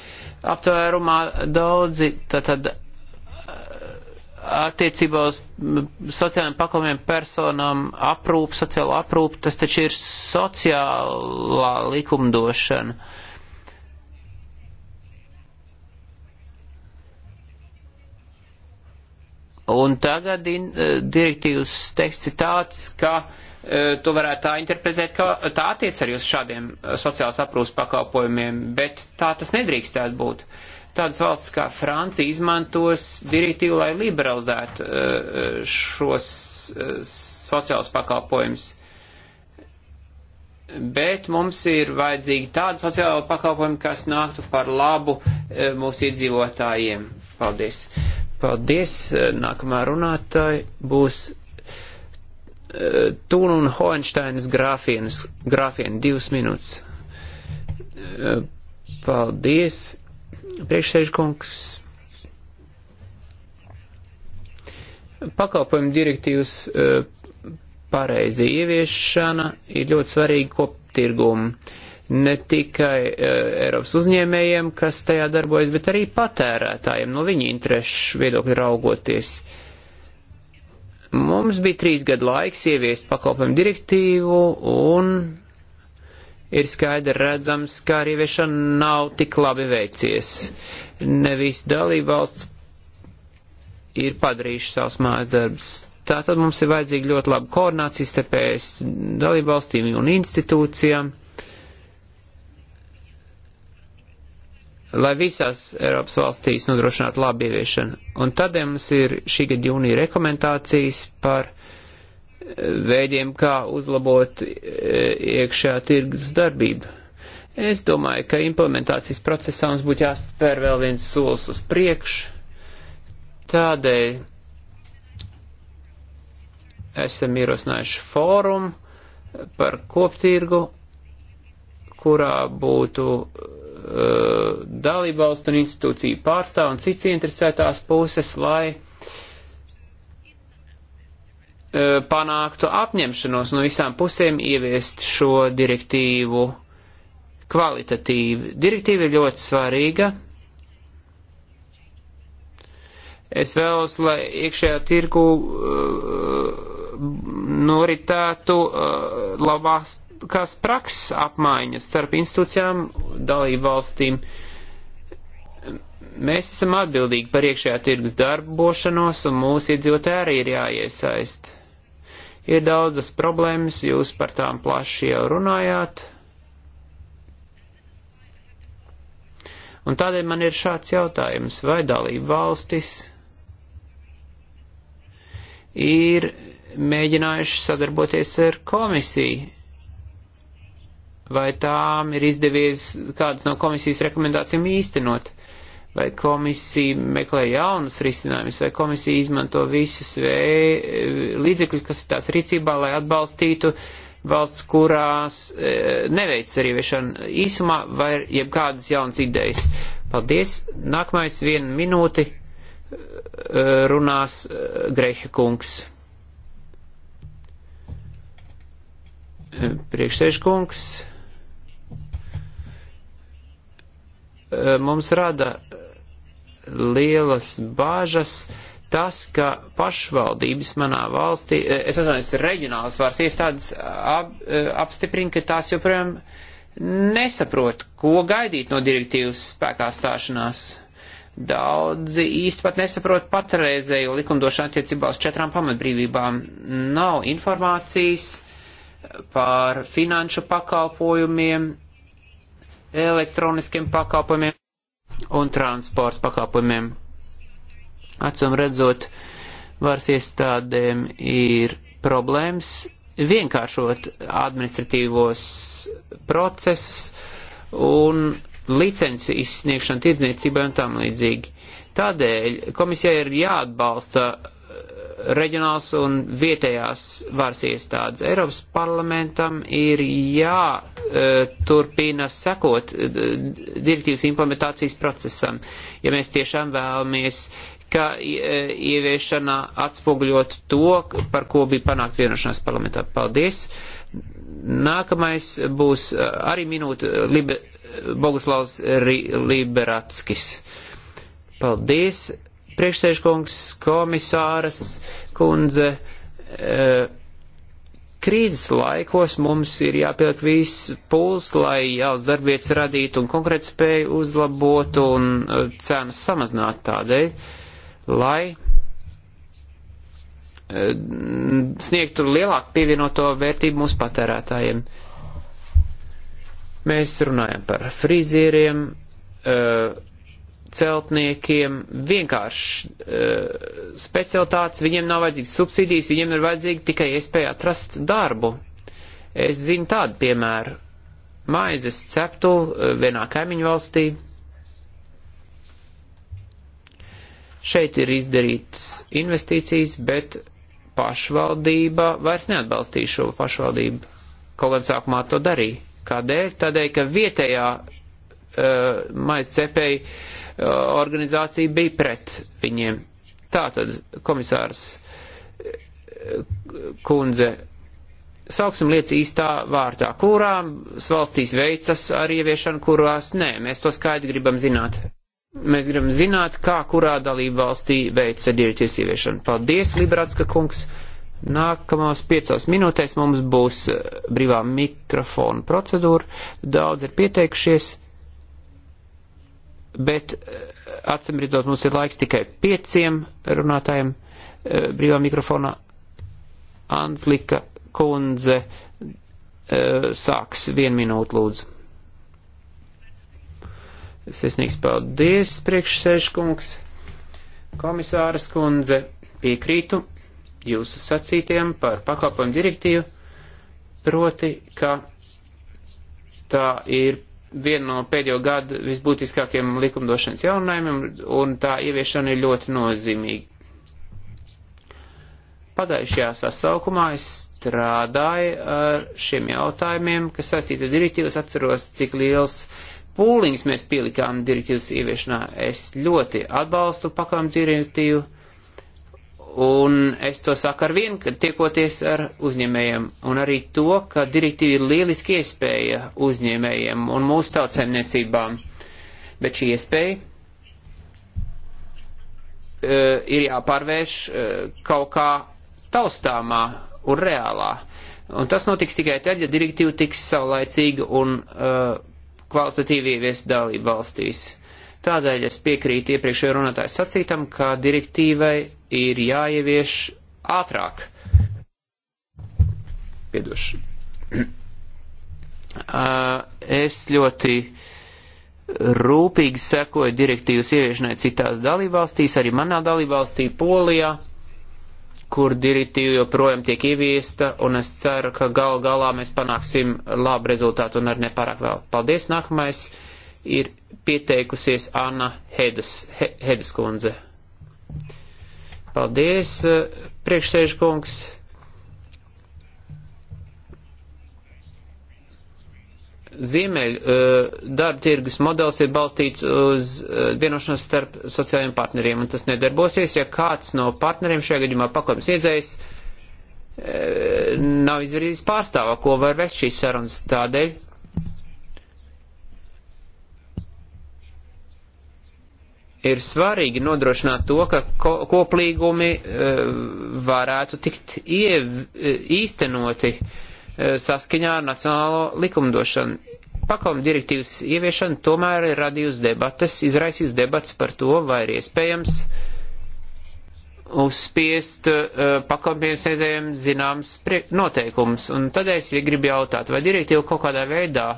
aptvērumā daudzi, tātad eh, attiecībā uz sociālajiem pakalpojumiem personām aprūp, sociālo aprūp, tas taču ir sociālā likumdošana. Un tagad in, eh, direktīvas teksts ir tāds, ka uh, E, to varētu tā interpretēt, ka tā attiec arī uz šādiem e, sociālas aprūpas pakalpojumiem, bet tā tas nedrīkstētu būt. Tādas valsts kā Francija izmantos direktīvu, lai liberalizētu e, šos sociālas pakalpojumus. Bet mums ir vajadzīgi tādi sociāli pakalpojumi, kas nāktu par labu mūsu iedzīvotājiem. Paldies! Paldies! Nākamā runātāja būs Tūna un Hoensteinas grāfienas, grāfiena divas minūtes. E, paldies, priekšsēžkungs. Pakalpojumu direktīvas e, pareizi ieviešana ir ļoti svarīga koptirgumu ne tikai uh, Eiropas uzņēmējiem, kas tajā darbojas, bet arī patērētājiem no viņa interešu viedokļa raugoties. Uh, Mums bija trīs gadu laiks ieviest pakalpojumu direktīvu un ir skaidri redzams, ka arī ieviešana nav tik labi veicies. Nevis dalībvalsts ir padarījuši savus mājas darbus. Tātad mums ir vajadzīga ļoti laba koordinācija starp dalībvalstīm un institūcijām. lai visās Eiropas valstīs nodrošinātu labu ieviešanu. Un tad ja mums ir šī gada jūnija rekomendācijas par eh, veidiem, kā uzlabot eh, iekšējā tirgus darbību. Es domāju, ka implementācijas procesā mums būtu jāspēr vēl viens solis uz priekšu. Tādēļ esam ierosinājuši fórumu par koptirgu, kurā būtu Uh, dalībvalstu un institūciju pārstāv un cits interesētās puses, lai uh, panāktu apņemšanos no visām pusēm ieviest šo direktīvu kvalitatīvi. Direktīva ir ļoti svarīga. Es vēlos, lai iekšējā tirgu uh, noritētu uh, labās labākās prakses apmaiņas starp institūcijām, dalību valstīm. Mēs esam atbildīgi par iekšējā tirgus darbošanos, un mūsu iedzīvotāji arī ir jāiesaist. Ir daudzas problēmas, jūs par tām plaši jau runājāt. Un tādēļ man ir šāds jautājums, vai dalību valstis ir mēģinājuši sadarboties ar komisiju vai tām ir izdevies kādas no komisijas rekomendācijām īstenot, vai komisija meklē jaunus risinājumus, vai komisija izmanto visus vē, līdzekļus, kas ir tās rīcībā, lai atbalstītu valsts, kurās e, neveic sarīviešana īsumā, vai ir jebkādas jaunas idejas. Paldies! Nākamais vienu minūti e, runās e, Greha kungs. E, priekšsēžkungs. kungs Eh, mums rada eh, lielas bāžas tas, ka pašvaldības manā valstī, eh, es atvainojos, reģionālas varas iestādes ap, apstiprina, ka tās joprojām nesaprot, ko gaidīt no direktīvas spēkā stāšanās. Daudzi īsti pat nesaprot patreizējo likumdošanu attiecībā uz četrām pamatbrīvībām. Nav informācijas par finanšu pakalpojumiem, elektroniskiem pakalpojumiem un transporta pakalpojumiem. Acum redzot, varas iestādēm ir problēmas vienkāršot administratīvos procesus un licenci izsniegšanu tirdzniecībai un tam līdzīgi. Tādēļ komisijai ir jāatbalsta reģionāls un vietējās varas iestādes. Eiropas parlamentam ir jāturpina e, sekot e, direktīvas implementācijas procesam, ja mēs tiešām vēlamies, ka e, ieviešanā atspoguļot to, par ko bija panākt vienošanās parlamentā. Paldies! Nākamais būs arī minūte Libe, Boguslavs Liberatskis. Paldies! priekšsēžkungs, komisāras kundze. Uh, krīzes laikos mums ir jāpieliek viss pūls, lai jauns darbvietas radītu un konkrēt spēju uzlabotu un eh, cenas samazināt tādēļ, lai eh, sniegtu lielāku pievienoto vērtību mūsu patērētājiem. Mēs runājam par frizieriem, celtniekiem vienkārši uh, eh, specialitātes, viņiem nav vajadzīgas subsīdijas, viņiem ir vajadzīga tikai iespēja atrast darbu. Es zinu tādu piemēru. Maizes ceptu uh, vienā kaimiņu valstī. Šeit ir izdarītas investīcijas, bet pašvaldība vairs neatbalstīja šo pašvaldību. Kaut gan sākumā to darīja. Kādēļ? Tādēļ, ka vietējā uh, maizes cepēja uh, organizācija bija pret viņiem. Tātad, komisārs eh, kundze, sauksim lietas īstā vārtā, kurām valstīs veicas ar ieviešanu, kurās nē, mēs to skaidri gribam zināt. Mēs gribam zināt, kā kurā dalība valstī veica direktīvas ieviešanu. Paldies, Liberatska kungs! Nākamās piecās minūtēs mums būs eh, brīvā mikrofona procedūra. Daudz ir pieteikušies bet eh, atsimridzot mums ir laiks tikai pieciem runātājiem eh, brīvā mikrofonā. Anslika kundze eh, sāks vienu minūtu lūdzu. Sesnīgs paldies, priekšsēžkungs, komisāras kundze, piekrītu jūsu sacītiem par pakalpojumu direktīvu, proti, ka tā ir viena no pēdējo gadu visbūtiskākiem likumdošanas jauninājumiem, un tā ieviešana ir ļoti nozīmīga. Pagājušajā sasaukumā es strādāju ar šiem jautājumiem, kas saistīti ar direktīvas, atceros, cik liels pūliņus mēs pielikām direktīvas ieviešanā. Es ļoti atbalstu pakāpju direktīvu Un es to saku ar vienu, ka tiekoties ar uzņēmējiem, un arī to, ka direktīva ir lieliski iespēja uzņēmējiem un mūsu tautsemniecībām. Bet šī iespēja uh, ir jāpārvērš uh, kaut kā taustāmā un reālā. Un tas notiks tikai tad, ja direktīva tiks saulaicīga un uh, kvalitatīvi ieviest dalību valstīs. Tādēļ es piekrītu iepriekšējā runātāja sacītam, ka direktīvai ir jāievieš ātrāk. Piedošu. <clears throat> Es ļoti rūpīgi sekoju direktīvas ieviešanai citās dalībvalstīs, arī manā dalībvalstī Polijā, kur direktīva joprojām tiek ieviesta, un es ceru, ka gal galā mēs panāksim labu rezultātu un arī nepārāk vēl. Paldies, nākamais! ir pieteikusies Anna Hedas, He, Hedas kundze. Paldies, priekšsēžkungs. Ziemeļ uh, darba tirgus modelis ir balstīts uz uh, vienošanos starp sociālajiem partneriem, un tas nedarbosies, ja kāds no partneriem šajā gadījumā pakalpojums iedzējs uh, nav izdarījis pārstāvā, ko var veikt šīs sarunas. Tādēļ ir svarīgi nodrošināt to, ka ko, koplīgumi e, varētu tikt iev, e, īstenoti e, saskaņā ar nacionālo likumdošanu. Pakalnu direktīvas ieviešana tomēr ir radījusi debates, izraisījusi debates par to, vai ir iespējams uzspiest uh, pakalpojumiem zināms noteikums. Un tad es gribu jautāt, vai direktīva kaut kādā veidā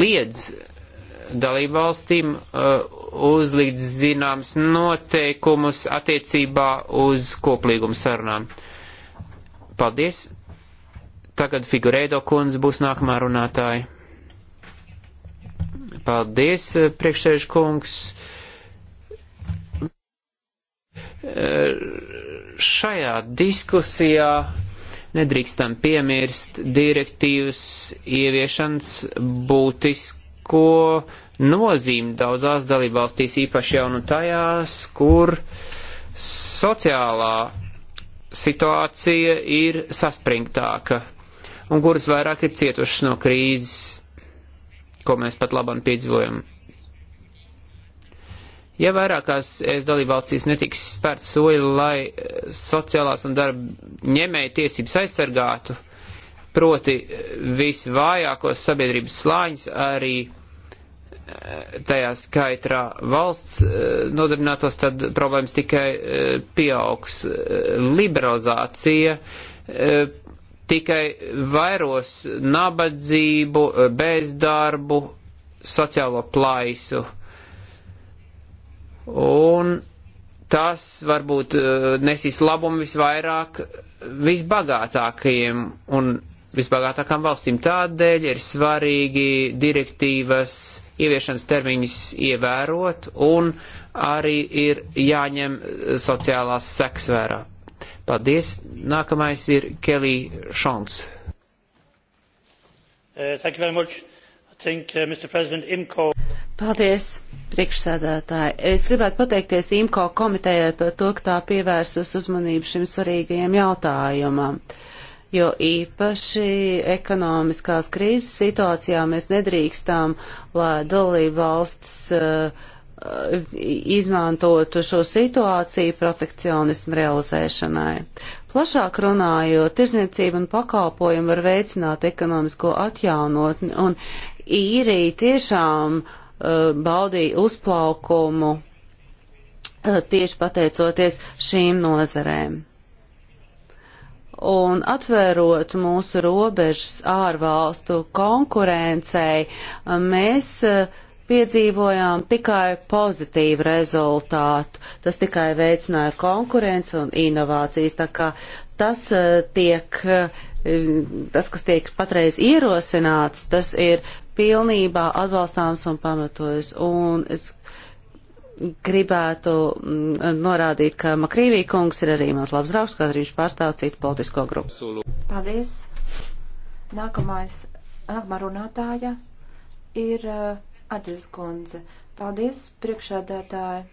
liedz dalībvalstīm uh, uzlikt zināms noteikumus attiecībā uz koplīgumu sarunām. Paldies! Tagad Figureido kundze būs nākamā runātāja. Paldies, uh, priekšsēž kungs. Uh, šajā diskusijā nedrīkstam piemirst direktīvas ieviešanas būtisku ko nozīme daudzās dalībvalstīs, īpaši jau nu tajās, kur sociālā situācija ir saspringtāka un kuras vairāk ir cietušas no krīzes, ko mēs pat labam piedzīvojam. Ja vairākās es dalībvalstīs netiks spērt soļi, lai sociālās un darba ņēmēja tiesības aizsargātu, proti visvājākos sabiedrības slāņus arī tajā skaitrā valsts eh, nodarbinātos, tad problēmas tikai eh, pieaugs. Liberalizācija eh, tikai vairos nabadzību, bezdarbu, sociālo plaisu. Un tas varbūt nesīs labumu visvairāk visbagātākajiem un visbagātākām valstīm. Tādēļ ir svarīgi direktīvas ieviešanas termiņus ievērot un arī ir jāņem sociālās seks vērā. Paldies. Nākamais ir Kelly Šons. Uh, uh, Paldies, priekšsēdētāji. Es gribētu pateikties IMCO komitejai par to, ka tā pievērsus uzmanību šim svarīgajam jautājumam. Uh, jo īpaši ekonomiskās krīzes situācijā mēs nedrīkstām, lai dalība valstis uh, izmantotu šo situāciju protekcionismu realizēšanai. Plašāk runājot, tirzniecība un pakalpojumi var veicināt ekonomisko atjaunotni, un īrija tiešām uh, baudīja uzplaukumu uh, tieši pateicoties šīm nozarēm un atvērot mūsu robežas ārvalstu konkurencei, mēs e, piedzīvojām tikai pozitīvu rezultātu. Tas tikai veicināja konkurenci un inovācijas, tā kā tas e, tiek, e, tas, kas tiek patreiz ierosināts, tas ir pilnībā atbalstāms un pamatojas. Un es gribētu mm, norādīt, ka Makrīvī kungs ir arī mans labs draugs, kad viņš pārstāv citu politisko grupu. Paldies. Nākamais, nākamā runātāja ir eh, Adris Gonze. Paldies, priekšādētāji.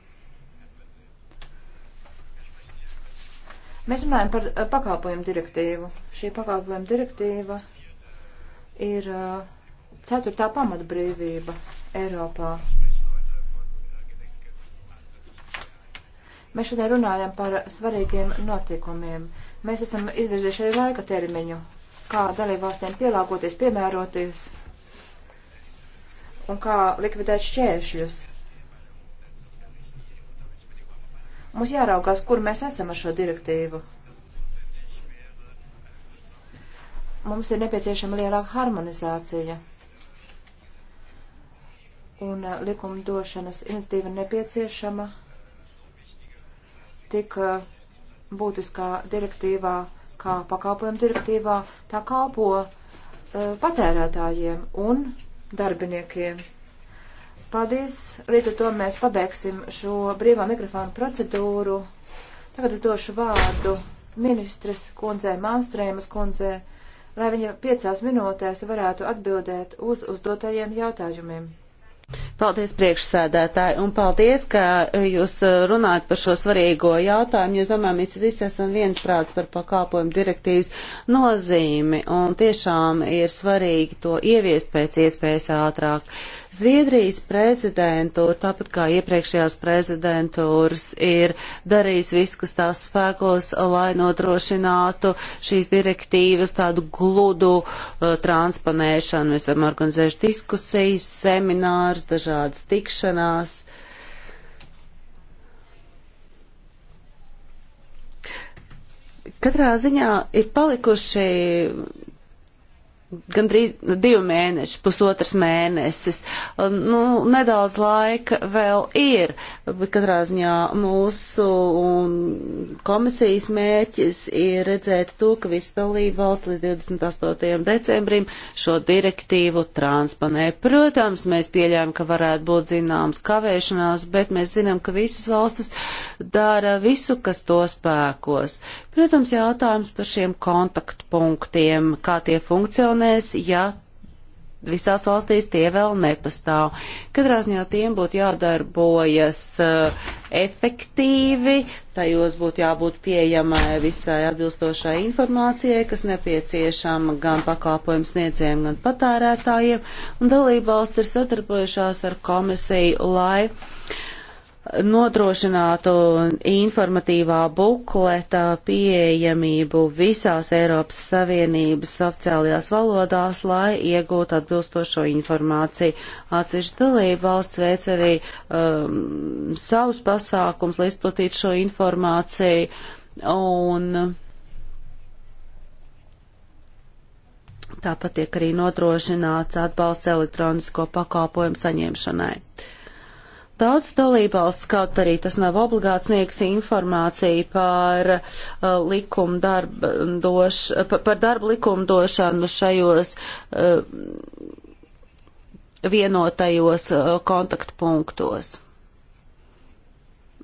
Mēs runājam par eh, pakalpojumu direktīvu. Šī pakalpojumu direktīva ir eh, ceturtā pamatbrīvība Eiropā Mēs šodien runājam par svarīgiem notikumiem. Mēs esam izvirzījuši arī laika termiņu, kā dalībvalstīm pielāgoties, piemēroties un kā likvidēt šķēršļus. Mums jāraugās, kur mēs esam ar šo direktīvu. Mums ir nepieciešama lielāka harmonizācija. Un likumdošanas iniciatīva nepieciešama tik būtiskā direktīvā, kā pakalpojuma direktīvā, tā kalpo uh, patērētājiem un darbiniekiem. Paldies! Līdz ar to mēs pabeigsim šo brīvā mikrofonu procedūru. Tagad es došu vārdu ministres kundzē Mānstrēmas kundzē, lai viņa piecās minūtēs varētu atbildēt uz uzdotajiem jautājumiem. Paldies priekšsēdētāji un paldies, ka e, jūs e, runājat par šo svarīgo jautājumu, jo es domāju, mēs visi esam viensprāts par pakāpojumu direktīvas nozīmi un tiešām ir svarīgi to ieviest pēc iespējas ātrāk. Zviedrijas prezidentūra, tāpat kā iepriekšējās prezidentūras, ir darījis visu, kas tās spēkos, lai nodrošinātu šīs direktīvas tādu gludu uh, transponēšanu. Mēs esam organizējuši diskusijas, seminārus, dažādas tikšanās. Katrā ziņā ir palikuši gandrīz divi mēneši, pusotrs mēnesis. Nu, nedaudz laika vēl ir, bet katrā ziņā mūsu komisijas mērķis ir redzēt to, ka visi dalība valsts līdz 28. decembrim šo direktīvu transponē. Protams, mēs pieļājam, ka varētu būt zināms kavēšanās, bet mēs zinām, ka visas valstis dara visu, kas to spēkos. Protams, jautājums par šiem kontaktpunktiem, kā tie funkcionē funkcionēs, ja visās valstīs tie vēl nepastāv. Katrā ziņā tiem būtu jādarbojas uh, efektīvi, tajos būtu jābūt pieejamai visai atbilstošai informācijai, kas nepieciešama gan pakalpojumu sniedzējiem, gan patērētājiem, un dalībvalsts ir sadarbojušās ar komisiju, lai uh, nodrošinātu informatīvā bukleta pieejamību visās Eiropas Savienības oficiālajās valodās, lai iegūtu atbilstošo informāciju. Atsevišķi dalība valsts veic arī um, savus pasākums, lai izplatītu šo informāciju. Un, Tāpat tiek arī nodrošināts atbalsts elektronisko pakalpojumu saņemšanai. Uh, Daudz dalībvalsts, kaut arī tas nav obligāts, sniegs informāciju par, uh, likumu darba doš, par, par darba likumdošanu šajos uh, vienotajos uh, kontaktpunktos.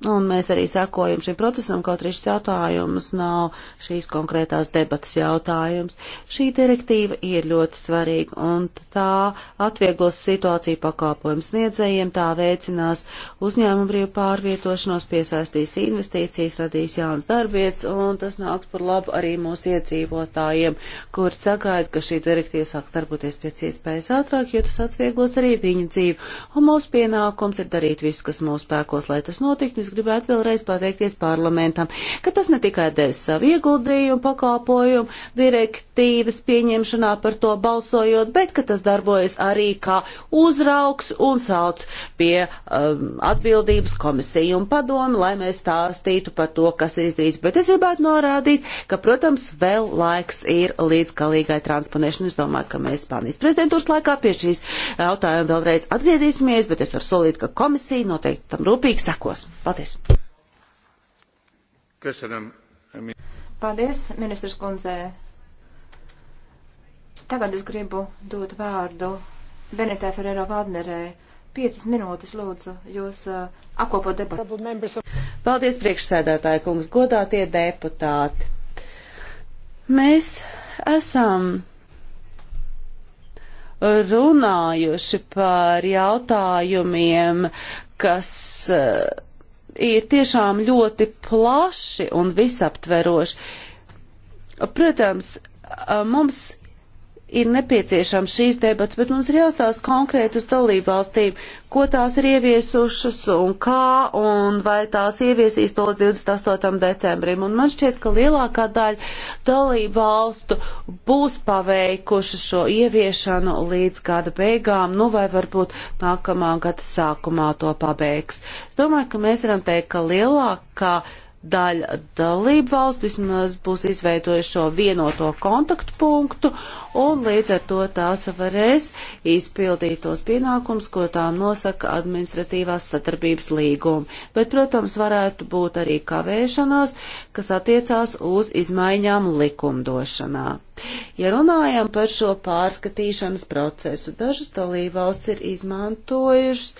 Un mēs arī sekojam šim procesam, kaut arī šis jautājums nav šīs konkrētās debatas jautājums. Šī direktīva ir ļoti svarīga un tā atvieglos situāciju pakalpojumu sniedzējiem, tā veicinās uzņēmumu brīvu pārvietošanos, piesaistīs investīcijas, radīs jauns darbietas un tas nāks par labu arī mūsu iedzīvotājiem, kur sagaida, ka šī direktīva sāks darboties pēc iespējas ātrāk, jo tas atvieglos arī viņu dzīvi. Un mūsu pienākums ir darīt visu, kas mūsu spēkos, lai tas notiktu es gribētu vēlreiz pateikties parlamentam, ka tas ne tikai devis savu ieguldījumu pakalpojumu direktīvas pieņemšanā par to balsojot, bet ka tas darbojas arī kā uzraugs un sauc pie um, atbildības komisiju un padomu, lai mēs stāstītu par to, kas ir izdarīts. Bet es gribētu norādīt, ka, protams, vēl laiks ir līdz galīgai transponēšanai. Es domāju, ka mēs Spānijas prezidentūras laikā pie šīs jautājuma vēlreiz atgriezīsimies, bet es varu solīt, ka komisija noteikti tam rūpīgi sekos. Paldies! Paldies! Paldies, ministrs kundzē. Tagad es gribu dot vārdu Benetē Ferrero Vādnerē. Piecas minūtes lūdzu jūs uh, apkopot debatu. Paldies, priekšsēdētāji kungs, godātie deputāti. Mēs esam runājuši par jautājumiem, kas. Uh, ir tiešām ļoti plaši un visaptveroši. Protams, mums ir nepieciešams šīs debats, bet mums ir jāstāsta konkrēti uz dalību valstīm, ko tās ir ieviesušas un kā, un vai tās ieviesīs to 28. decembrim. Un man šķiet, ka lielākā daļa dalību valstu būs paveikuši šo ieviešanu līdz gada beigām, nu vai varbūt nākamā gada sākumā to pabeigs. Es domāju, ka mēs varam teikt, ka lielākā daļa dalību valstu vismaz būs izveidojuši šo vienoto kontaktu punktu, un līdz ar to tās varēs izpildīt tos pienākums, ko tām nosaka administratīvās sadarbības līgumi. Bet, protams, varētu būt arī kavēšanās, kas attiecās uz izmaiņām likumdošanā. Ja runājam par šo pārskatīšanas procesu, dažas dalību valsts ir izmantojušas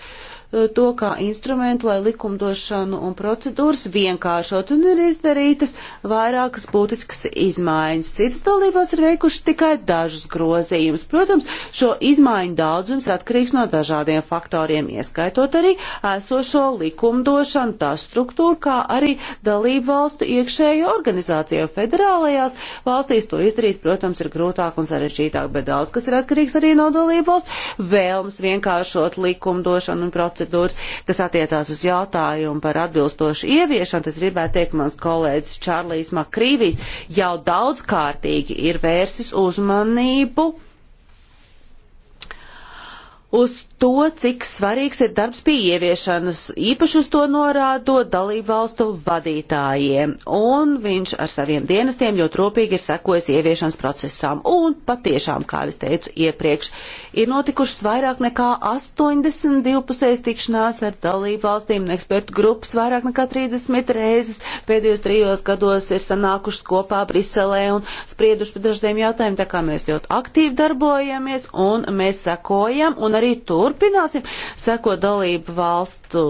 Eh, to kā instrumentu, lai likumdošanu un procedūras vienkāršot un ir izdarītas vairākas būtiskas izmaiņas. Citas dalībās ir veikuši tikai dažus grozījumus. Protams, šo izmaiņu daudzums ir atkarīgs no dažādiem faktoriem, ieskaitot arī esošo likumdošanu, tā struktūru, kā arī dalību valstu iekšējo organizāciju federālajās valstīs. To izdarīt, protams, ir grūtāk un sarežģītāk, bet daudz kas ir atkarīgs arī no dalību valstu vēlmes vienkāršot likumdošanu un procesu procedūras, kas attiecās uz jautājumu par atbilstošu ieviešanu. Tas gribētu teikt mans kolēģis Čārlīs Makrīvīs jau daudzkārtīgi ir vērsis uzmanību uz to, cik svarīgs ir darbs pie ieviešanas, īpaši uz to norādot dalību valstu vadītājiem, un viņš ar saviem dienestiem ļoti rūpīgi ir sekojis ieviešanas procesām, un patiešām, kā es teicu iepriekš, ir notikušas vairāk nekā 80 divpusējas tikšanās ar dalību valstīm un ekspertu grupas vairāk nekā 30 reizes pēdējos trijos gados ir sanākušas kopā Briselē un sprieduši par dažiem jautājumiem, tā kā mēs ļoti aktīvi darbojamies, un mēs sekojam, un arī tur turpināsim, sekot dalību valstu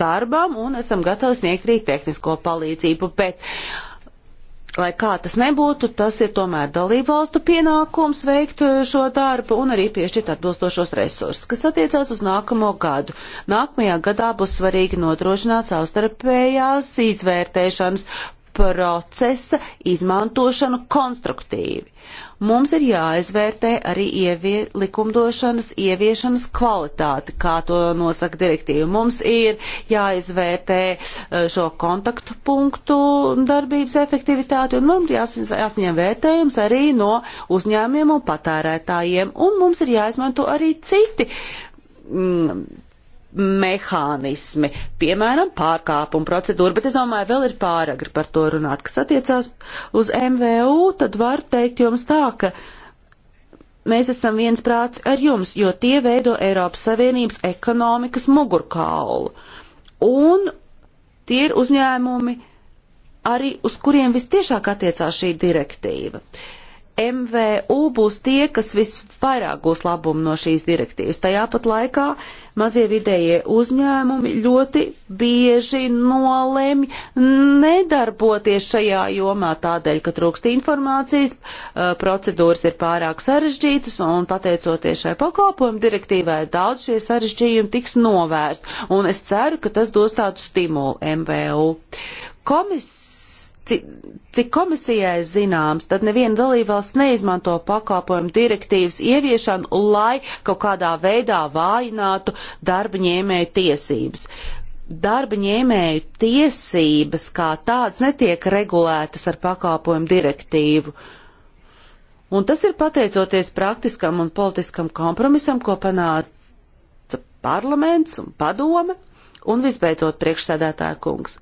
darbam un esam gatavi sniegt arī tehnisko palīdzību. Bet, lai kā tas nebūtu, tas ir tomēr dalību valstu pienākums veikt šo darbu un arī piešķirt atbilstošos resursus, kas attiecās uz nākamo gadu. Nākamajā gadā būs svarīgi nodrošināt savstarpējās izvērtēšanas procesa izmantošanu konstruktīvi. Mums ir jāizvērtē arī ievie, likumdošanas ieviešanas kvalitāte, kā to nosaka direktīva. Mums ir jāizvērtē e, šo kontaktu punktu darbības efektivitāti, un mums jāsņem vērtējums arī no uzņēmiem un patērētājiem, un mums ir jāizmanto arī citi mm, mehānismi, piemēram, pārkāpuma procedūra, bet es domāju, vēl ir pāragri par to runāt. Kas attiecās uz MVU, tad var teikt jums tā, ka mēs esam viensprāts ar jums, jo tie veido Eiropas Savienības ekonomikas mugurkaulu. Un tie ir uzņēmumi arī, uz kuriem vistiešāk attiecās šī direktīva. MVU būs tie, kas visvairāk gūs labumu no šīs direktīvas. Tajā pat laikā uh, mazie vidējie uzņēmumi ļoti bieži nolemj nedarboties šajā jomā tādēļ, ka trūkst informācijas, procedūras ir pārāk sarežģītas un pateicoties šai pakalpojumu direktīvai daudz šie sarežģījumi tiks novērst. Un es ceru, ka tas dos tādu stimulu MVU. Komisija cik, cik komisijai zināms, tad neviena dalībvalsts neizmanto pakalpojumu direktīvas ieviešanu, lai kaut kādā veidā vājinātu darba ņēmēju tiesības. Darba ņēmēju tiesības kā tāds netiek regulētas ar pakalpojumu direktīvu. Un tas ir pateicoties praktiskam un politiskam kompromisam, ko panāca parlaments un padome. Un visbeidzot, priekšsēdētāja kungs,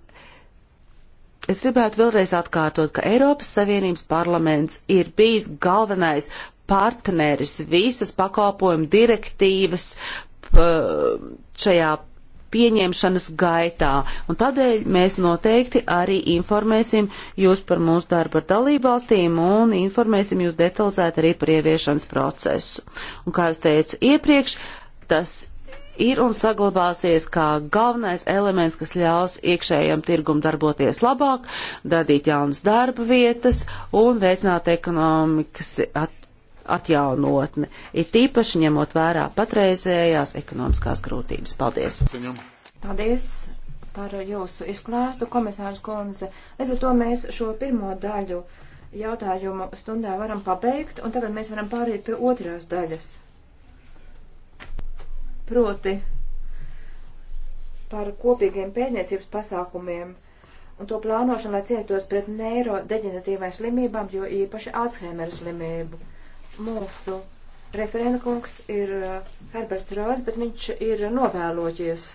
Es gribētu vēlreiz atkārtot, ka Eiropas Savienības parlaments ir bijis galvenais partneris visas pakalpojumu direktīvas šajā pieņemšanas gaitā. Un tādēļ mēs noteikti arī informēsim jūs par mūsu darbu ar dalībvalstīm un informēsim jūs detalizēt arī par ieviešanas procesu. Un kā es teicu iepriekš, tas ir un saglabāsies kā galvenais elements, kas ļaus iekšējiem tirgum darboties labāk, radīt jaunas darba vietas un veicināt ekonomikas at atjaunotni, it īpaši ņemot vērā patreizējās ekonomiskās grūtības. Paldies! Paldies! par jūsu izklāstu, komisārs Konze. Līdz ar to mēs šo pirmo daļu jautājumu stundā varam pabeigt, un tagad mēs varam pāriet pie otrās daļas proti par kopīgiem pētniecības pasākumiem un to plānošanu, lai cienītos pret neirodeģenatīvai slimībām, jo īpaši Alzheimera slimību. Mūsu referenta kungs ir uh, Herberts Rojas, bet viņš ir novēloties